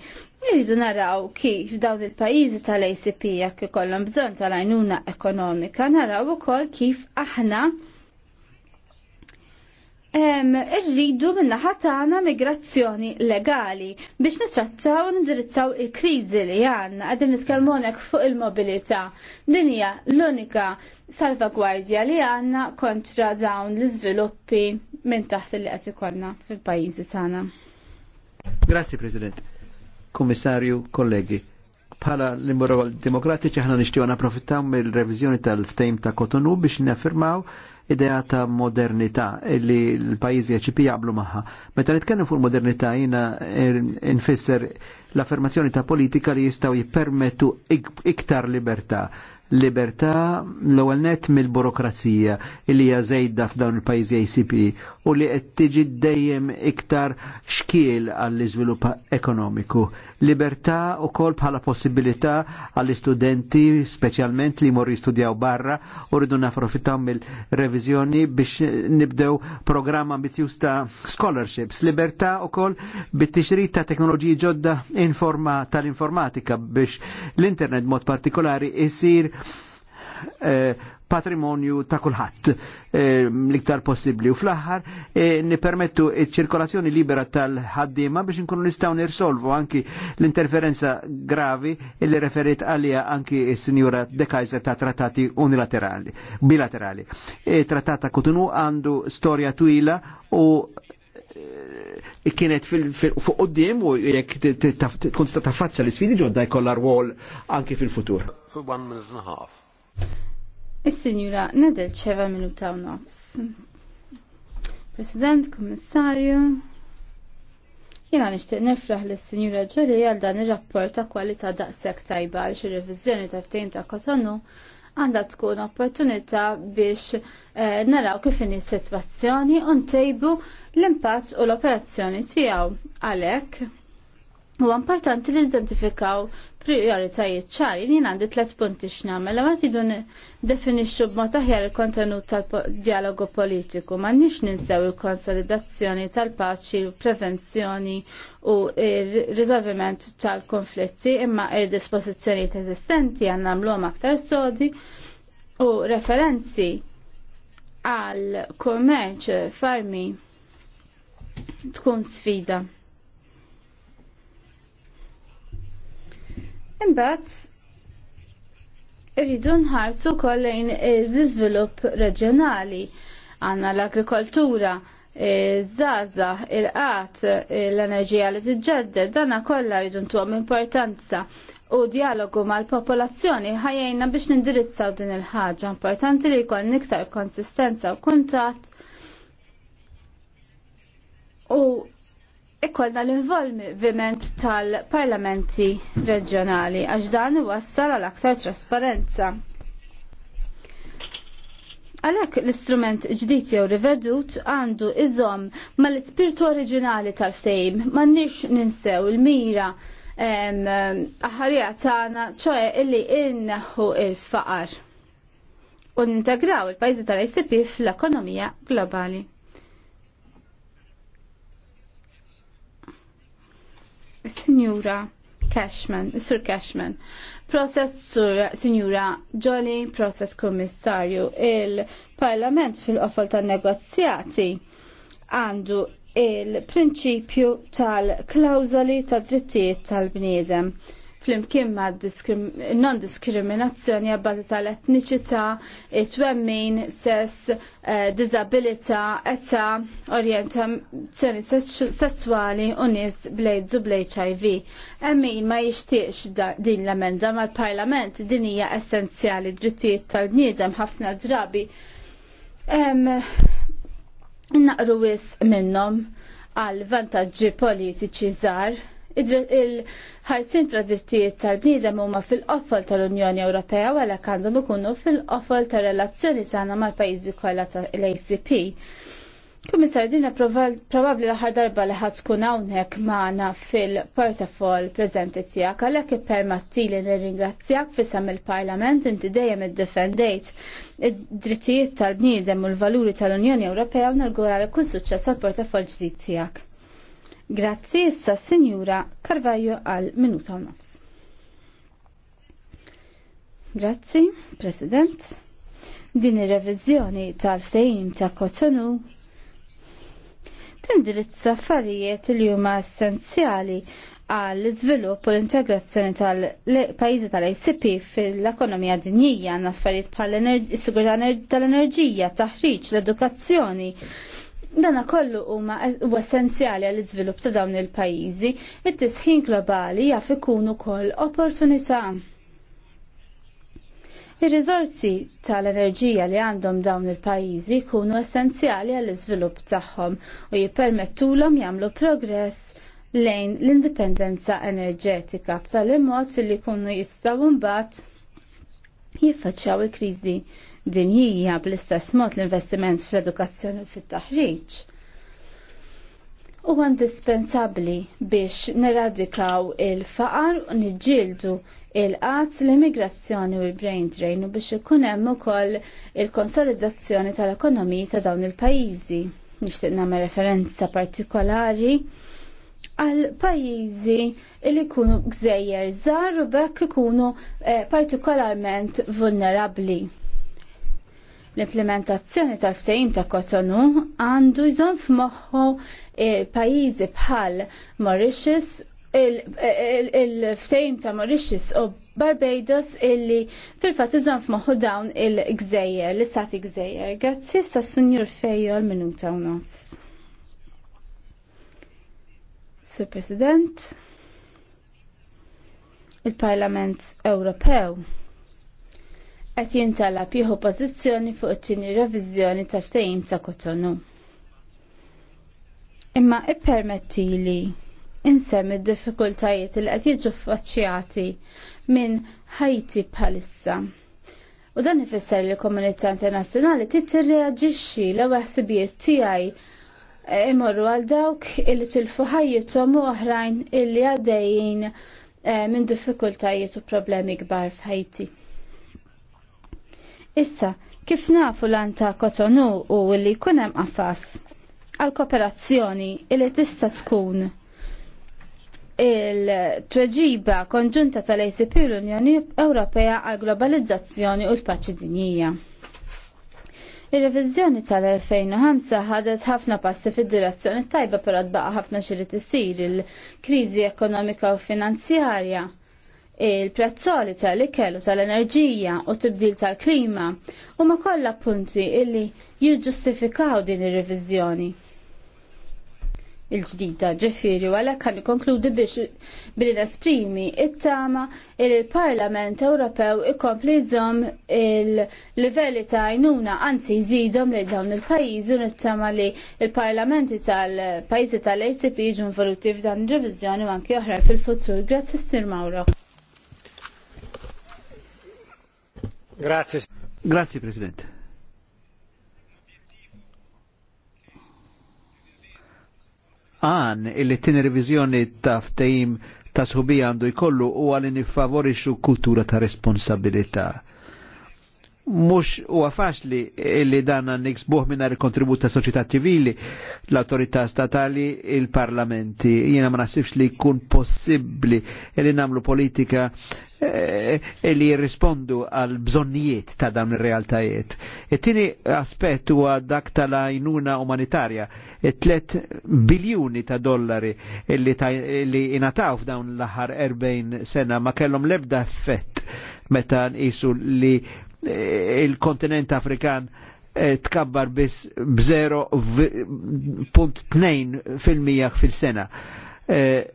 Irridu naraw kif dawn il-pajjiżi tal-ACP jekk ikollhom bżonn tal-għajnuna ekonomika, naraw ukoll kif aħna irridu minna ħatana migrazzjoni legali biex nitrattaw nindirizzaw il-krizi li għanna għadin nitkalmonek fuq il-mobilita. Dinja l-unika salvagwardja li għanna kontra dawn l-izviluppi minn taħt li għati konna fil-pajizi tagħna. Grazie, President. Kommissarju, kollegi. Bħala l-Imbora Demokratiċi ħana nishtiju għana profittaw mill-revizjoni tal-ftejm ta' Kotonu biex n-affirmaw idea ta' modernità illi l-pajizi jaċipi jaqblu maħħa. Meta nitkellem fuq modernità jina er-, nfisser l-affermazzjoni ta' politika li jistaw jipermetu iktar libertà libertà l-ewwel net mill-burokrazija li hija żejda f'dawn il-pajjiżi ACP u li qed tiġi dejjem iktar xkiel għall-iżvilupp ekonomiku. Libertà ukoll bħala possibilità għall-istudenti speċjalment li jmorru jistudjaw barra u rridu naprofittaw mill-reviżjoni biex nibdew programm ambizjuż ta' scholarships. Libertà ukoll bit-tixrid ta' teknoloġiji ġodda informa tal-informatika biex l-internet mod partikolari isir patrimonju ta' kulħadd l-iktar possibbli u fl-aħħar nipermettu ċ-ċirkolazzjoni libera tal-ħaddiema biex nkunu nistgħu nirsolvu anki l-interferenza gravi li referit għalija anki s-sinjura De Kaiser ta' trattati unilaterali, bilaterali. Trattat ta' Kutunu għandu storja twila u kienet fuq qoddim u jekk tkun sta' taffaċċa l-isfidi ġodda jkollha rwol anki fil-futur for one minute and a half. Is-sinjura nadel ċeva minuta u nofs. President, Kommissarju, Jena nishtiq nifraħ l sinjura Ġoli għal dan ir-rapport ta' kwalità daqshekk tajba għal xi revizjoni ta' ftejm ta' Kotonu għandha tkun opportunità biex eh, naraw kif inhi s-sitwazzjoni u ntejbu l-impatt u l-operazzjoni tiegħu. Għalhekk huwa importanti li identifikaw prioritajiet ċar, li għandi tlet punti x'nagħmel ma tidun definixxu b'mod aħjar il-kontenut tal-dialogu politiku ma nix ninsew il-konsolidazzjoni tal-paċi, prevenzjoni u r-riżolviment tal-konflitti imma il-dispożizzjonijiet eżistenti għandna nagħmluhom aktar sodi u referenzi għal kummerċ farmi tkun sfida Imbagħad irridu nħarsu wkoll lejn l-iżvilupp reġjonali għandna l-agrikoltura zaza, il-qat, l-enerġija li tiġġedded, dana kollha rridu ntuhom importanza u dialogu mal-popolazzjoni ħajjajna biex nindirizzaw din il-ħaġa importanti li jkun iktar konsistenza u kuntat u ikollna l-involviment tal-parlamenti reġjonali għax dan wassal għal aktar trasparenza. Għalhekk l-istrument ġdid jew rivedut għandu iżomm mal-ispirtu oriġinali tal-ftehim, m'għandniex ninsew il-mira aħarija tagħna ċoe illi inneħħu il-faqar u nintegraw il-pajzi tal-ICP fl-ekonomija globali. Signora Cashman, Sir Cashman. Process Sur Signora Jolly, process commissario, il-Parlament fil-qofol tan negozjati għandu il-prinċipju tal-klawzoli ta' drittijiet tal-bniedem flimkien ma' non-diskriminazzjoni għabbata tal-etniċità, it wemmin sess, eh, disabilità, etta, orientazzjoni sessuali u nies blejt u blejt HIV. Emmin ma' jixtiex din l-emenda ma' l-parlament din hija essenzjali drittijiet tal-bniedem ħafna drabi. Naqru wis minnom għal vantaġġi politiċi żgħar Il-ħarsin tradittijiet tal-bniedem huma fil-qofol tal-Unjoni Ewropea u għalhekk għandhom ikunu fil-qofol tal-relazzjoni tagħna mal-pajjiżi kollha tal-ACP. Komissar, dina probabli l-ħar darba li ħad tkun hawnhekk magħna fil-portafol preżenti tiegħek għalhekk ippermatti li nirringrazzjak fisem il-Parlament inti dejjem iddefendejt id-drittijiet tal-bniedem u l-valuri tal-Unjoni Ewropea u nargura li kun suċċess għall portafol ġdid tiegħek. Grazzi issa Sinjura Carvajo għal minuta nofs. Grazzi, President. Din ir-reviżjoni tal-ftehim ta' Kotonu tindirizza affarijiet li huma essenzjali għall iżvilupp u l-integrazzjoni tal-pajjiżi tal-ACP fil-ekonomija dinjija għan affarijiet bħal sigurtà tal-enerġija, taħriġ, l-edukazzjoni, Dana kollu huma essenzjali għall iżvilupp ta' dawn il-pajjiżi, it-tisħin globali jaf ikunu wkoll opportunità. Ir-riżorsi tal-enerġija li għandhom dawn il-pajjiżi jkunu essenzjali għall iżvilupp tagħhom u jippermettulhom jagħmlu progress lejn l-indipendenza enerġetika b'tali mod li jkunu jistgħu mbagħad jiffaċċjaw il-kriżi din hija bl-istess mod l-investiment fl-edukazzjoni u fit-taħriġ. Huwa indispensabbli biex neradikaw il-faqar u niġġieldu il-qat l-immigrazzjoni u l-brain drain u biex ikun hemm ukoll il-konsolidazzjoni tal-ekonomiji ta' dawn il-pajjiżi. Nixtieq nagħmel referenza partikolari għal pajjiżi li jkunu gżejjer żgħar u bekk ikunu eh, partikolarment vulnerabbli. L-implementazzjoni tal-ftehim ta' Kotonu għandu jżomm f'moħħu e, pajjiżi bħal Mauritius il-ftejm ta' Mauritius u Barbados illi fil-fat iżon f'moħħu dawn il-gżejjer, l-istati gżejjer. Grazzi sa' Sunjur Fejjo l-minuta nofs. Sur President, il-Parlament Ewropew qed jintalab jieħu pożizzjoni fuq it-tieni reviżjoni ta' ftehim ta' Kotonu. Imma ippermettili insemmi d-diffikultajiet li qed jiġu faċċjati minn ħajti bħalissa. U dan ifisser li l-komunità internazzjonali trid tirreaġixxi l ħsibijiet tiegħi e, imorru għal dawk illi tilfu ħajjithom u oħrajn illi għaddejjin e, minn diffikultajiet u problemi kbar f'Ħajti. Issa, kif nafu lan ta' Kotonu u li kunem għafas għal-kooperazzjoni li tista' tkun il-tweġiba konġunta tal-ACP l-Unjoni Ewropea għal globalizzazzjoni u l-paċi dinjija. Ir-reviżjoni tal-2005 ħadet ħafna passi fid-direzzjoni tajba però tbaqa' ħafna xiri tisir il-kriżi ekonomika u finanzjarja il-prezzoli tal-ikel u tal-enerġija u tibdil tal-klima u ma kollha punti illi jiġġustifikaw din ir-reviżjoni. Il-ġdida ġifiri u għalhekk kan konkludi biex bil nesprimi it-tama il-Parlament Ewropew ikompli jżomm il-livelli ta' għajnuna anzi jżidhom lejn dawn il-pajjiżi u tama li il-parlamenti tal-pajjiżi tal-ACP ġun voluti f'dan ir revizjoni u anke oħra fil-futur. Grazie Sir Mawro. Grazie. Grazie, Presidente. Għan il-tini revizjoni ta' ftejim ta' sħubija għandu jkollu u għalin favorixu kultura ta' responsabilità mux u faċli li dan niksbuħ minna kontribut ta' soċieta ċivili, l-autorità statali, il-parlamenti. Jena ma nasibx li kun possibli li namlu politika eh, li jirrispondu għal bżonnijiet ta' dawn il-realtajiet. It-tini aspett huwa dak tal-għajnuna umanitarja, 3 biljuni ta' dollari li, ta, li inataw f'dawn l-aħħar 40 sena ma kellhom lebda effett meta nqisu li il-kontinent Afrikan eh, tkabbar biss b-0.2 fil-mija fil-sena. Eh,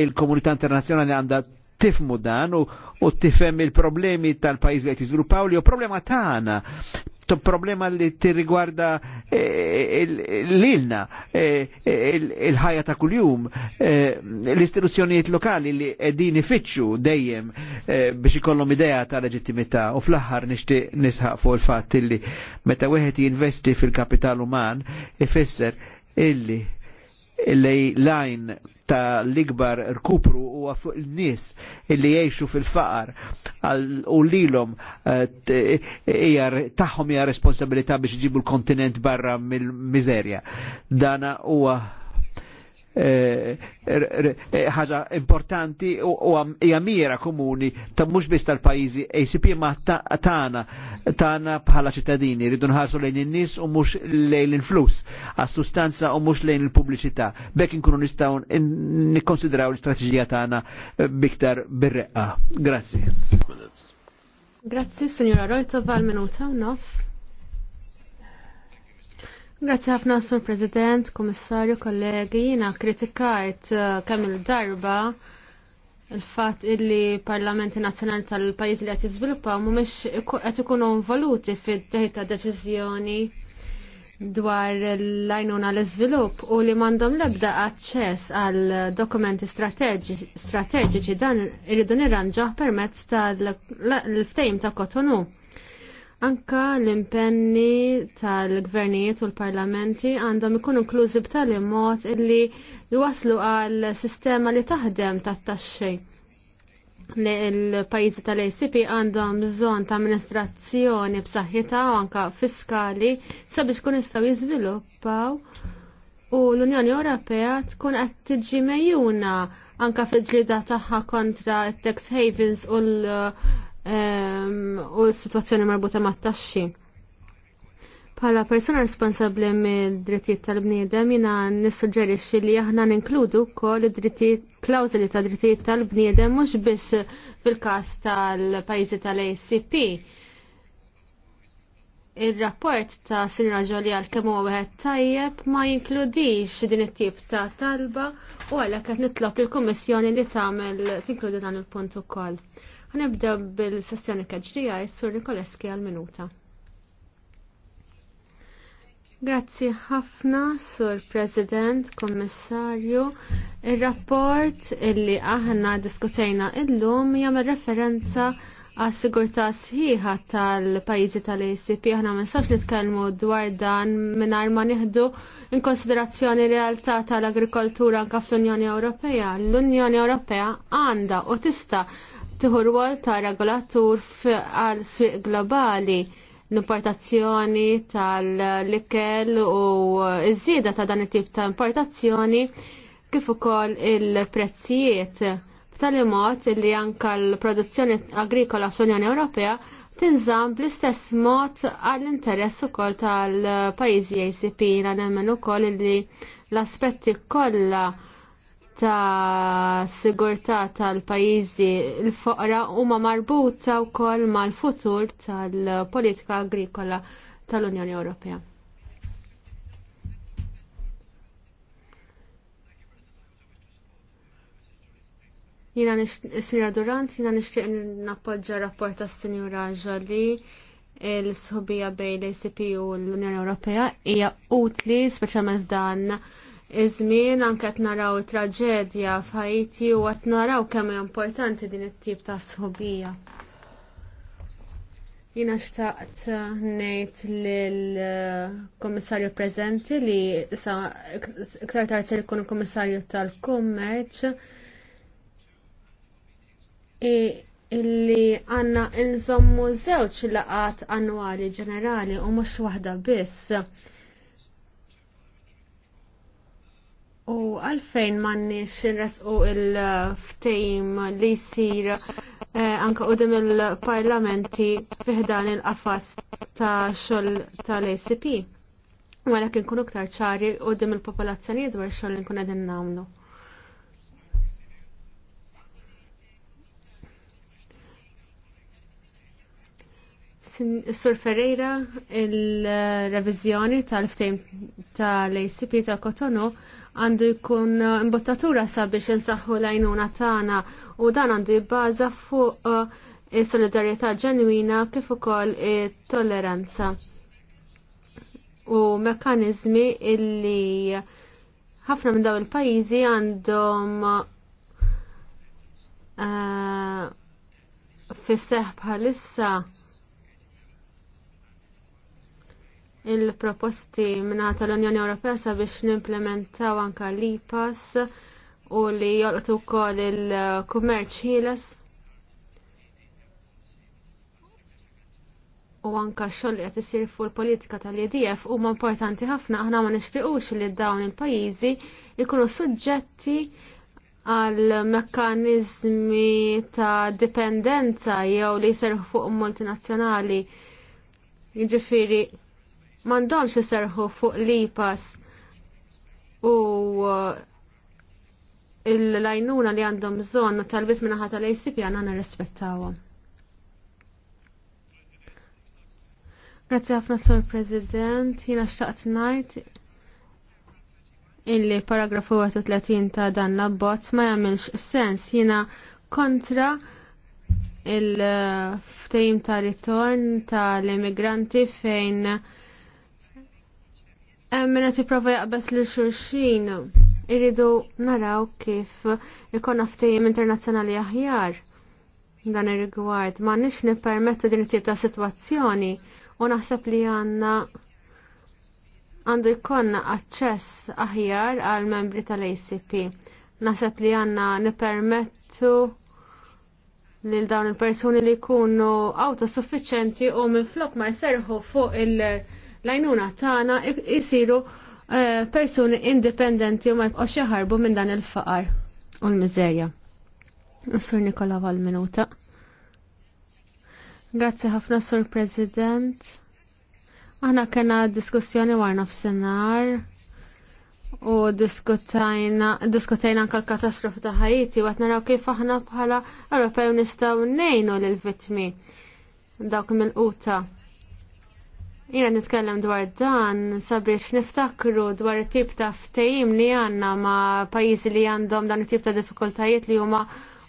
il-komunità internazjonali għandha tifmu dan u, tifhem il-problemi tal-pajjiż li qed jiżviluppaw li hu problema tagħna problema li tirrigwarda eh, l-ilna, eh, il-ħajja ta' kuljum, eh, l-istituzzjonijiet lokali li qegħdin ifittxu dejjem biex ikollhom idea ta' leġittimità u fl-aħħar nixtieq nisħaq fuq il-fatt illi meta wieħed jinvesti fil-kapital uman ifisser illi lejn ta' l-ikbar rkupru u fuq il-nis illi jiexu fil-faqar u lilom eh, taħħom hija responsabilità biex ġibu l-kontinent barra mill-mizerja. Dana huwa Eh, eh, ħaġa importanti u jamira komuni ta' mhux biss tal-pajjiżi ACP ma tana tana bħala ċittadini rridu nħarsu lejn in-nies u mhux lejn il-flus għas-sustanza u mhux lejn il-pubbliċità. Bekk inkunu nistgħu nikkonsidraw l-istrateġija tagħna eh, biktar bir-reqqa. Grazzi. Grazzi, Signora Rojtova, għal minuta nofs. Grazie ħafna, Sur President, Komissarju, kollegi, jina kritikajt uh, kemm il-darba il-fat illi parlamenti nazjonali tal-pajiz li għat jizviluppa mumiex għat ikunu involuti fid teħi ta' deċizjoni dwar l lajnuna l-izvilupp u li mandom lebda access għal dokumenti strateġiċi dan irridu nirranġaħ permezz tal-ftejm ta' Kotonu. Anka l-impenni tal-gvernijiet u l-parlamenti għandhom ikunu inklużi b'tali mod illi jwaslu għal sistema li taħdem tat-taxxi. Il-pajjiżi tal-ACP għandhom bżonn ta' amministrazzjoni b'saħħitha u anka fiskali sabiex kun jistgħu jiżviluppaw u l-Unjoni Ewropea tkun qed tiġi mejjuna anka fil-ġlida tagħha kontra t tax havens u l- Ehm, u s-situazzjoni marbuta ma' taxxi. Pala persona responsabli mill-drittijiet tal-bniedem jina nissuġġerixxi li aħna ninkludu wkoll id-drittijiet ta' drittijiet tal-bniedem mhux biss fil-każ tal-pajjiżi tal-ACP. Ir-rapport ta' Sinra Ġoli għal kemm huwa wieħed tajjeb ma jinkludix din it-tip ta' talba u għalhekk qed nitlob lill-Kummissjoni li tagħmel tinkludi dan il-punt ukoll. Għanibda bil-sessjoni kħġrija jessur Nikoleski għal-minuta. Grazzi ħafna, Sur President, Kommissarju. Il-rapport illi aħna diskutejna illum jagħmel referenza għas sigurtà sħiħa tal-pajjiżi tal-ACP aħna ma nistax nitkellmu dwar dan mingħajr ma nieħdu in konsiderazzjoni realtà tal-agrikoltura anke fl-Unjoni Ewropea. L-Unjoni Ewropea għandha u tista' tieħu rwol ta' regolatur għal swieq globali l-importazzjoni tal-likel u iż-żieda ta' dan it-tip ta' importazzjoni kif ukoll il-prezzijiet b'tali mod li anka l-produzzjoni agrikola fl-Unjoni Ewropea tinżamm bl-istess mod għall-interess ukoll tal-pajjiżi ACP nagħmel ukoll li l-aspetti kollha ta' sigurtà tal-pajjiżi l-foqra huma marbuta wkoll mal-futur tal-politika agrikola tal-Unjoni Ewropea. jina s-sinjora Durant, jina nishtiq nappoġġa rapport ta' s-sinjora Ġoli l-sħobija bej l-ACP u l-Unjoni Ewropea hija utli speċjalment f'dan iż-żmien anke qed naraw traġedja f'Ħajti u qed naraw kemm importanti din it-tip ta' sħobija. Jiena xtaqt ngħid lill eh, kummissarju preżenti li issa iktar tard se jkun il-Kummissarju tal-Kummerċ illi għandna nżommu żewġ laqat annwali ġenerali u mhux waħda biss U għalfejn mannix u il-ftejm li jisir eh, anka u il-parlamenti fiħdan il-qafas ta' xol tal-ACP. Għalek nkunu ktar ċari u il-popolazzjoni dwar xol li nkun għedin namlu. Sur Ferreira, il-revizjoni tal-ftejm tal-ACP ta' kotonu għandu jkun uh, imbottatura sabiex insaħħu l-għajnuna tagħna u dan għandu jibbaża fuq uh, is-solidarjetà ġenwina kif ukoll it-tolleranza u mekkaniżmi illi ħafna minn dawn il-pajjiżi għandhom uh, fis seħħ bħalissa il-proposti minna tal-Unjoni Ewropea sabiex nimplementaw anka l-IPAS u li jolqtu wkoll il-kummerċ ħieles u anka xoll qed isir fuq il-politika tal-IDF huma importanti ħafna aħna ma nixtiequx li dawn il-pajjiżi jkunu suġġetti għal mekkanizmi ta' dipendenza jew li jserħu fuq multinazzjonali. Jiġifieri mandomx iserħu fuq l u uh, l-lajnuna li għandhom bżonn talbit minna ħata l-ACP għanna nirrispettawhom. Grazie ħafna Sur President, jina xtaqt najt illi paragrafu 30 ta' dan l-abbozz ma jagħmilx sens jina kontra il-ftejim ta' ritorn tal-immigranti fejn Minna ti prova jaqbess li xurxin, irridu naraw kif ikon aftijim internazzjonali aħjar dan ir-rigward. Ma nix nippermettu din it-tip ta' sitwazzjoni u naħseb li għanna għandu jkollna aċċess aħjar għal membri tal-ACP. Naħseb li għanna nippermettu lil dawn il-persuni li jkunu autosuffiċenti u minflok ma jserħu fuq il- l-għajnuna tagħna jisiru eh, persuni indipendenti u ma jibqax jaħarbu minn dan il-faqar u l-miżerja. Sur Nikola Val-Minuta. Grazzi ħafna, Sur President. Aħna kena diskussjoni war nofsinhar. u diskutajna anka l-katastrofi ta' Ħajti waqt naraw kif aħna bħala Ewropew nistgħu nejnu lill vittmi dawk mill-quta. Jena nitkellem dwar dan sabiex niftakru dwar it-tip ta' ftehim li għandna ma' pajjiżi li għandhom dan it-tip ta' diffikultajiet li huma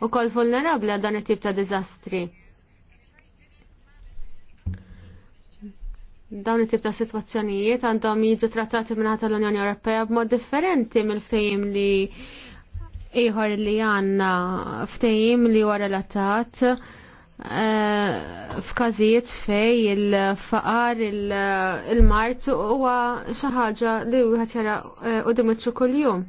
wkoll vulnerabbli għal dan it-tip ta' diżastri. Dawn it-tip ta' sitwazzjonijiet għandhom jiġu trattati minn l-Unjoni Ewropea b'mod differenti mill-ftehim li ieħor li għandna ftehim li huwa relatat Eh, f'każijiet fej il-faqar il-mart huwa xi ħaġa li wieħed jara eh, qudiem iċċu kuljum.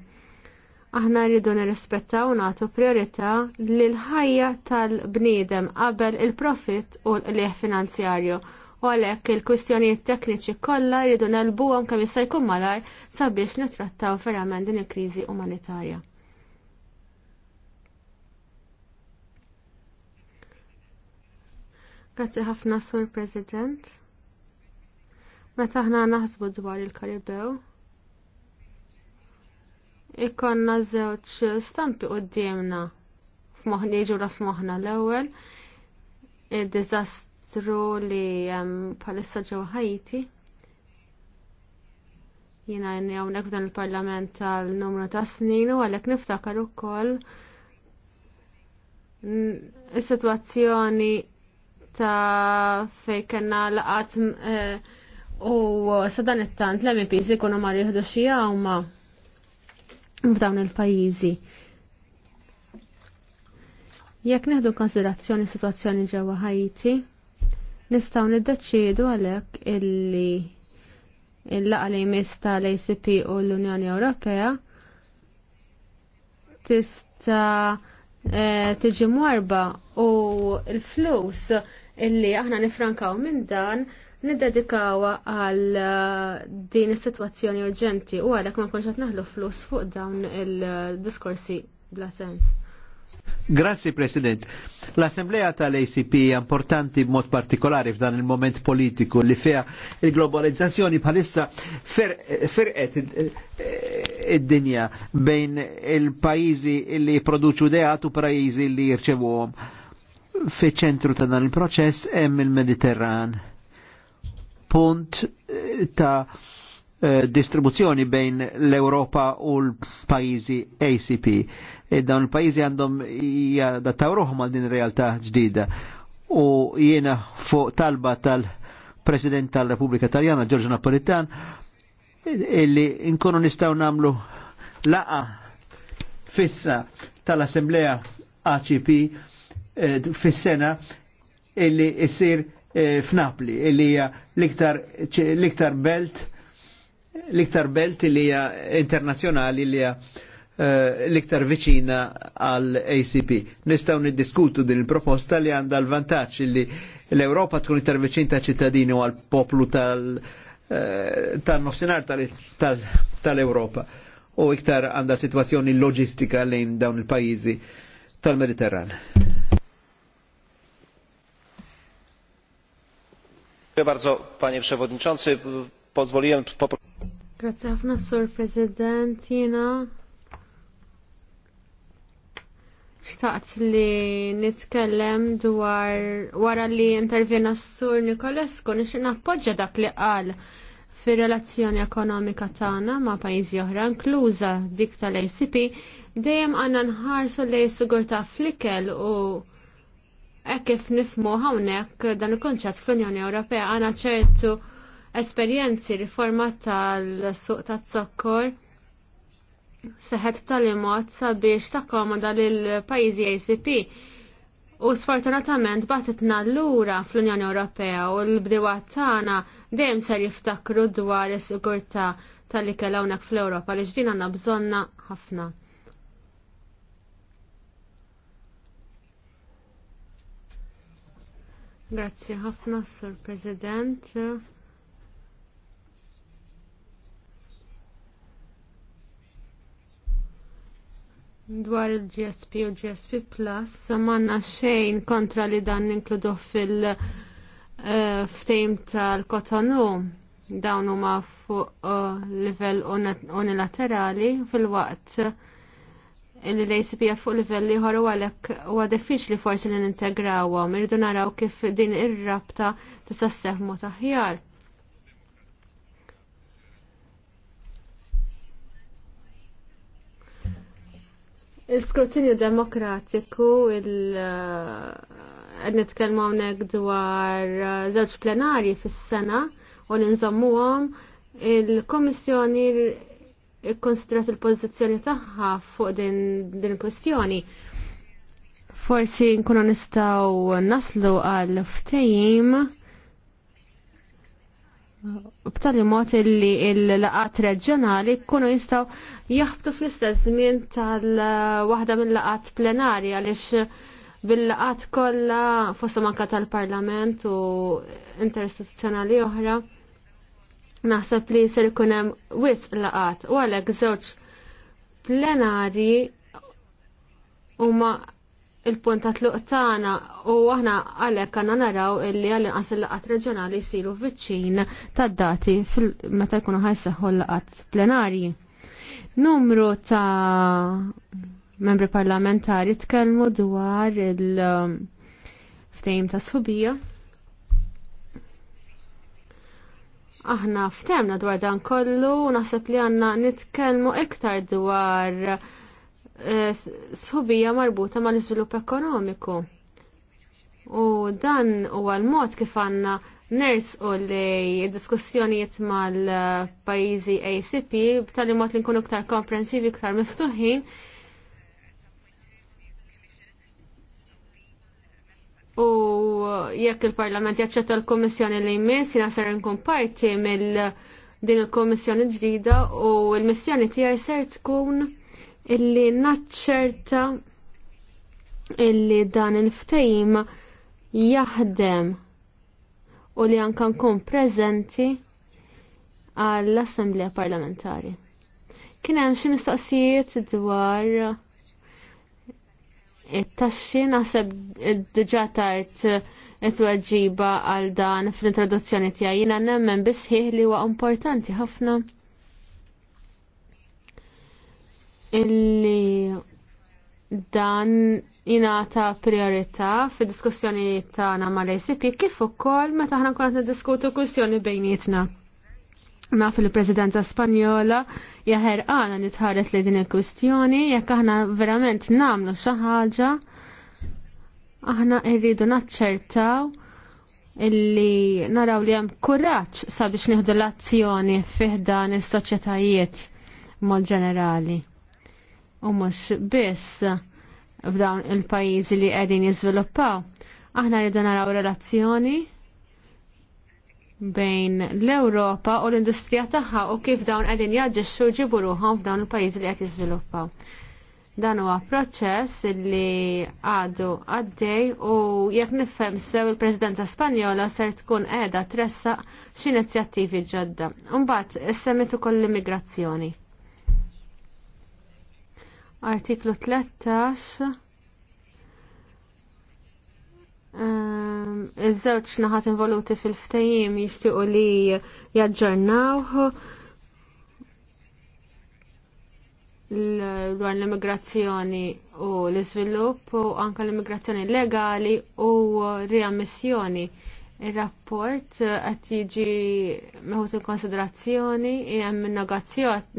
Aħna rridu nirrispettaw nagħtu priorità lil ħajja tal-bniedem qabel il-profit u l-qlieħ finanzjarju u għalhekk il-kwistjonijiet tekniċi kollha jridu nelbuhom kemm jista' jkun malar sabiex nittrattaw verament din il-kriżi umanitarja. Grazzi ħafna Sur President. Meta aħna naħsbu dwar il-Karibew, ikonna żewġ stampi qudiemna f'moħni ġura f'moħħna l-ewwel id-diżastru li hemm bħalissa ġew Ħajti. Jiena hawnhekk f'dan il-Parlament tal numru ta' snin u għalhekk niftakar ukoll is-sitwazzjoni ta' fej kena laqat eh, u sadan it-tant l-MPs ikunu mar jihdu xija u ma f'dawn il-pajizi. Jekk neħdu konsiderazzjoni situazzjoni ġewwa Ħajti, nistgħu niddeċiedu għalhekk illi il-laqa li jmiss tal-ACP u l-Unjoni Ewropea tista' E, tiġi marba u l-flus illi aħna nifrankaw minn dan niddedikaw għal e, din is-sitwazzjoni urġenti u għalhekk ma nkunx qed naħlu flus fuq dawn il-diskorsi bla sens. Grazie President. L-Assemblea tal-ACP è importante in modo particolare f'dan il momento politico, eh, li feha il-globalizzazzjoni fer firqet et dinja bejn il-pajjiżi li jipproduċu deat u pajjiżi li jirċevuhom. fe ċentru ta' dan il-proċess hemm il-Mediterran. Punt eh, ta' eh, distribuzzjoni bejn l-Europa u l-pajizi ACP. E dawn il-pajjiżi għandhom jadattaw ruħhom għal din ir-realtà ġdida. U jiena fuq talba tal-President tal-Repubblika Taljana Giorgio Napolitan illi nkunu nistgħu namlu laqa fissa tal-Assemblea ACP eh, fis-sena illi jsir eh, f'Napli illi hija l-iktar belt l-iktar belt li hija internazzjonali li hija Eh, l-iktar viċina għal ACP. Nistaw niddiskutu din il-proposta li għanda l-vantaċ li l-Europa tkun iktar viċin ta' ċittadini u għal poplu eh, tal-nofsinar tal-Europa u iktar għanda situazzjoni loġistika lejn dawn il-pajizi tal-Mediterran. Bardzo, panie przewodniczący, pozwoliłem... Grazie, Sur Prezydent, jena Taqt li nitkellem dwar wara li intervjena s-sur Nikolesku nix nappoġġa dak li qal fir relazzjoni ekonomika tagħna ma' pajjiżi oħra inkluża dik tal-ACP dejjem għandna nħarsu lej sigurtà flikel u hekk kif nifmu hawnhekk dan il kunċett fl-Unjoni Ewropea għandna ċertu esperjenzi riforma tal-suq tat-sokkor seħet b'tali mod sabiex takkomoda lil pajjiżi ACP. U sfortunatament batetna l-lura fl-Unjoni Ewropea u l-bdiwat tagħna dejjem ser jiftakru dwar is-sigurtà tal-li kellawnek fl-Ewropa li ġdin għandna bżonna ħafna. Grazie ħafna, Sur President. Dwar il-GSP u GSP Plus, manna xejn kontra li dan ninkluduh fil-ftejm eh, tal-Kotonu. Dawn huma fuq eh, livell unilaterali fil-waqt eh, li l-ACP fuq livell ieħor u għalhekk huwa diffiċli forsi li nintegrawhom. Irridu naraw kif din ir-rabta tista' seħħmu taħjar. Il-skrutinju demokratiku, il- eh, nitkellmu hawnhekk dwar żewġ eh, plenarji fis-sena u li nżommuhom il-Kummissjoni ikkonsidrat il-pożizzjoni tagħha fuq din il kwestjoni. Forsi nkunu nistgħu naslu għal ftehim b'tali mod li l-laqat reġjonali jkunu jistgħu jaħbtu fl-istess żmien tal-waħda mill-laqat plenarja għaliex bil-laqat kollha fosthom anke tal-Parlament u interistituzzjonali oħra naħseb li ser ikun hemm wisq laqat u għalhekk żewġ plenarji huma il-punt ta' tluq tagħna u aħna għalhekk għandna naraw illi għall għas il-laqat reġjonali jsiru viċċin tad-dati meta jkunu ħajseħħu l-laqat plenarji. Numru ta' membri parlamentari tkellmu dwar il-ftehim um, ta' subija. Aħna ftemna dwar dan kollu u naħseb li għandna nitkellmu iktar dwar Eh, sħubija marbuta mal iżvilupp ekonomiku. U dan huwa l-mod kif għandna ners u li diskussjonijiet mal-pajizi ACP b'tali mod li nkunu ktar komprensivi, ktar miftuħin. U jekk il-Parlament jaċċetta l komissjoni li jmiss, jina ser nkun parti mill din il komissjoni ġdida u l-missjoni tiegħi ser tkun illi naċċerta illi dan il-ftejim jaħdem u li anka nkun preżenti għall-Assemblea Parlamentari. Kien hemm xi mistoqsijiet dwar it-taxxi naħseb diġà tard it-tweġiba għal dan fl-introduzzjoni tiegħi jiena nemmen bisħieħ li huwa importanti ħafna illi dan jingħata priorità fid diskussjoni tagħna mal-ACP kif ukoll meta aħna nkun qed niddiskutu kwistjoni bejnietna. Naf li presidenza Spanjola jaħer għana nitħares li din il-kwistjoni jekk aħna verament nagħmlu xi ħaġa aħna rridu naċċertaw illi naraw li hemm kuraġġ sabiex nieħdu l-azzjoni fih dan is-soċjetajiet mod ġenerali u mhux biss f'dawn il-pajjiżi li qegħdin jiżviluppaw. Aħna rridu naraw relazzjoni bejn l-Ewropa u l-industrija tagħha u kif dawn qegħdin jaġġixxu jġibu ruħhom f'dawn il-pajjiżi li qed jiżviluppaw. Dan huwa proċess li għadu għaddej u jekk nifhem sew il-Presidenza Spanjola ser tkun qiegħda tressaq x'inizjattivi ġodda. Mbagħad is ukoll koll l-immigrazzjoni. Artiklu 13 ehm, Iż-żewġ naħat involuti fil-ftajim jixtiequ li jaġġornawh dwar l-immigrazzjoni u l-iżvilupp u anke l-immigrazzjoni legali u riammissjoni il-rapport eh, qed jiġi meħut il-konsiderazzjoni hemm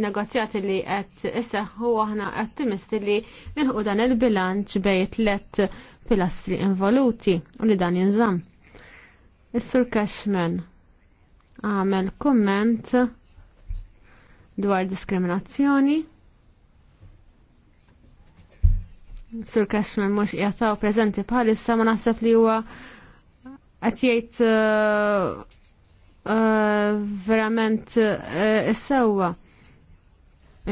negozjati li qed isseħħu aħna ottimisti li nħu dan il-bilanċ bejt tliet pilastri involuti u li dan jinżamm. Is-Sur Cashman għamel komment dwar diskriminazzjoni. Sur Cashman mhux jataw preżenti bħalissa ma naħseb li huwa qed jgħid uh, uh, verament uh, sewwa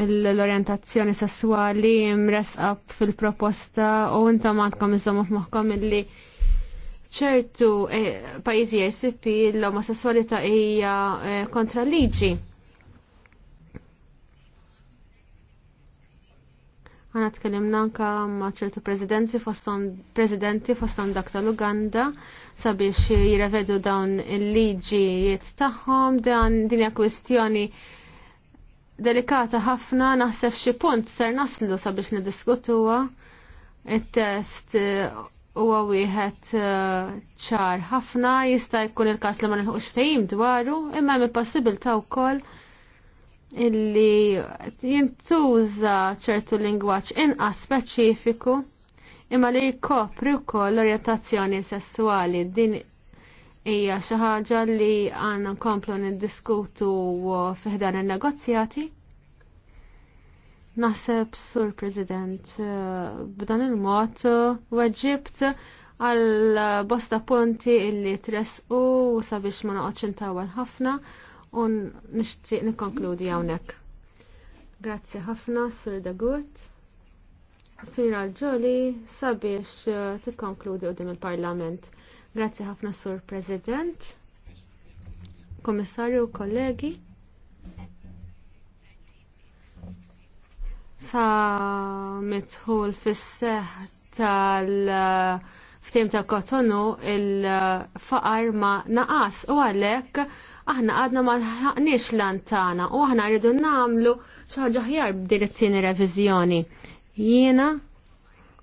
l-orientazzjoni sessuali mresqab fil-proposta u intom għandkom iżommu f'moħħkom illi ċertu eh, pajjiżi ICP l omosessualita hija eh, kontra liġi. Għana tkellimna anka ma' ċertu prezidenti fostom prezidenti fostom dak tal-Uganda sabiex jirrevedu dawn il-liġijiet tagħhom dan din hija kwistjoni delikata ħafna naħseb xi punt ser naslu sabiex niddiskutuha. Il-test uh, huwa wieħed uh, ċar ħafna jista' jkun il-każ li ma nilħuqx fejjim dwaru, imma hemm il-possibilità wkoll illi jintuża ċertu lingwaġġ inqas speċifiku imma li jkopri wkoll l-orjentazzjoni sessuali din hija xi ħaġa li għandna nkomplu niddiskutu fiħdan in-negozjati. Naħseb sur President b'dan il-mod weġġibt għal bosta punti illi tresqu sabiex ma noqgħodx intawel ħafna u nixtieq nikkonkludi hawnhekk. Grazzi ħafna Sur Dagut. al ġoli sabiex uh, tikonkludi u il-Parlament. Grazzi ħafna Sur President, Komissarju kollegi. Sa mitħul fis-seħ tal-ftim uh, tal-kotonu il-faqar uh, ma naqas u għalhekk aħna għadna ma ħaqniex lantana u aħna rridu namlu xaħġa ħjar b'din revizjoni. Jiena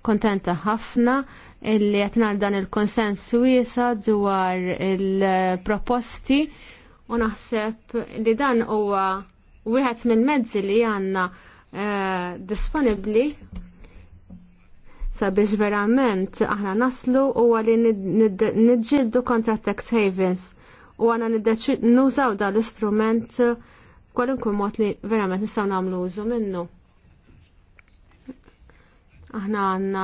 kontenta ħafna illi qed dan il-konsens wiesa dwar il-proposti u naħseb li dan huwa wieħed mill-mezzi li għandna uh, disponibbli sabiex verament aħna naslu huwa li nidġildu kontra tax havens u għana nużaw da l-istrument uh, kwalunkwe mod li verament nistaw namlu użu minnu. Aħna għanna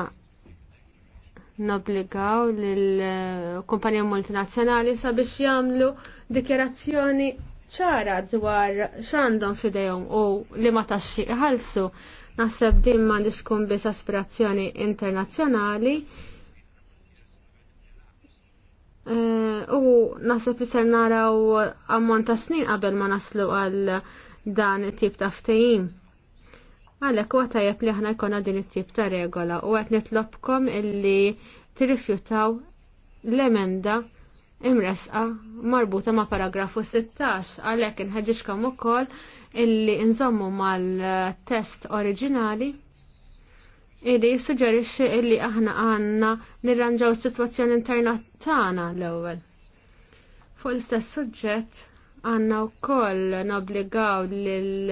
nobligaw l-kumpanija uh, multinazzjonali sabiex jamlu dikjerazzjoni ċara dwar xandom fidejhom u li ma taxxi ħalsu. Naħseb din ma aspirazzjoni internazzjonali Eh, u naħseb li ser naraw ammon ta' snin qabel ma naslu għal dan it-tip ta' ftehim. Għalhekk huwa tajjeb li aħna jkollna din it-tip ta' regola u qed nitlobkom illi tirrifjutaw l-emenda imresqa marbuta ma' paragrafu 16 għalhekk u ukoll illi nżommu mal-test oriġinali Ili suġġerixxi illi aħna għandna nirranġaw is-sitwazzjoni interna tagħna l-ewwel. Fuq l-istess suġġett għandna wkoll nobbligaw lil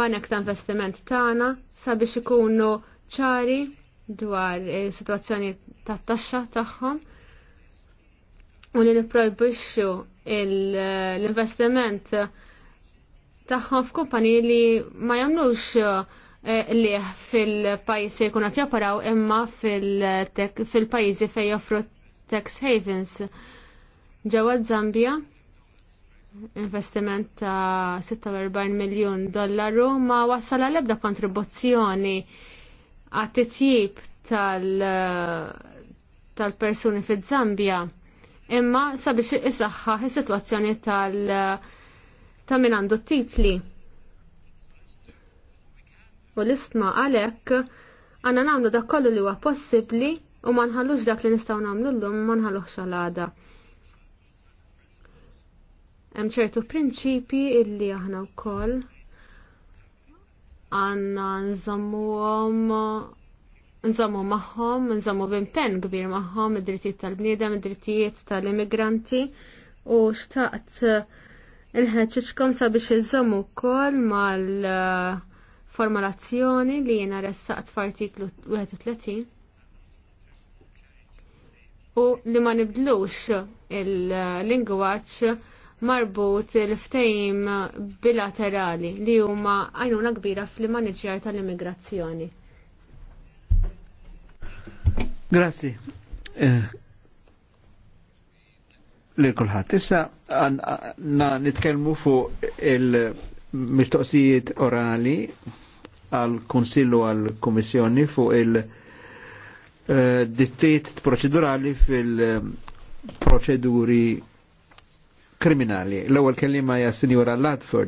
banek ta' investiment tagħna sabiex ikunu ċari dwar is-sitwazzjoni tat-taxxa tagħhom u li nipprojbixxu l-investiment tagħhom f'kumpaniji li ma jagħmlux Eh, li fil-pajis fej kunat joperaw imma fil-pajizi fej joffru tax havens. Ġewwa Zambia, investiment ta' 46 miljon dollaru ma wassal lebda ebda kontribuzzjoni għat-titjib tal-persuni tal fi Zambia. Imma sabiex isaħħa is-sitwazzjoni tal- ta' min għandu titli u l istma għalhekk għanna nagħmlu dak kollu li huwa possibbli u ma nħallux dak li nistgħu nagħmlu llum ma nħallux xalada. Hemm ċertu prinċipji illi aħna wkoll għandna nżammuhom nżammu magħhom, nżammu b'impenn kbir magħhom id-drittijiet tal-bniedem, id-drittijiet tal-immigranti u xtaqt il-ħeċiċkom sabiex iżżammu wkoll mal- formulazzjoni li jien ressaqt f'artiklu 31 u li ma nibdlux il-lingwaċ marbut il-ftejm bilaterali li huma għajnuna kbira fil-manager tal-immigrazzjoni. Grazzi. Eh, kulħadd. Issa nitkellmu fuq il-mistoqsijiet orali għal konsillu għal komissjoni fuq il-dittiet eh, proċedurali fil-proċeduri kriminali. L-ewwel kelliema hija Sinjura Latford.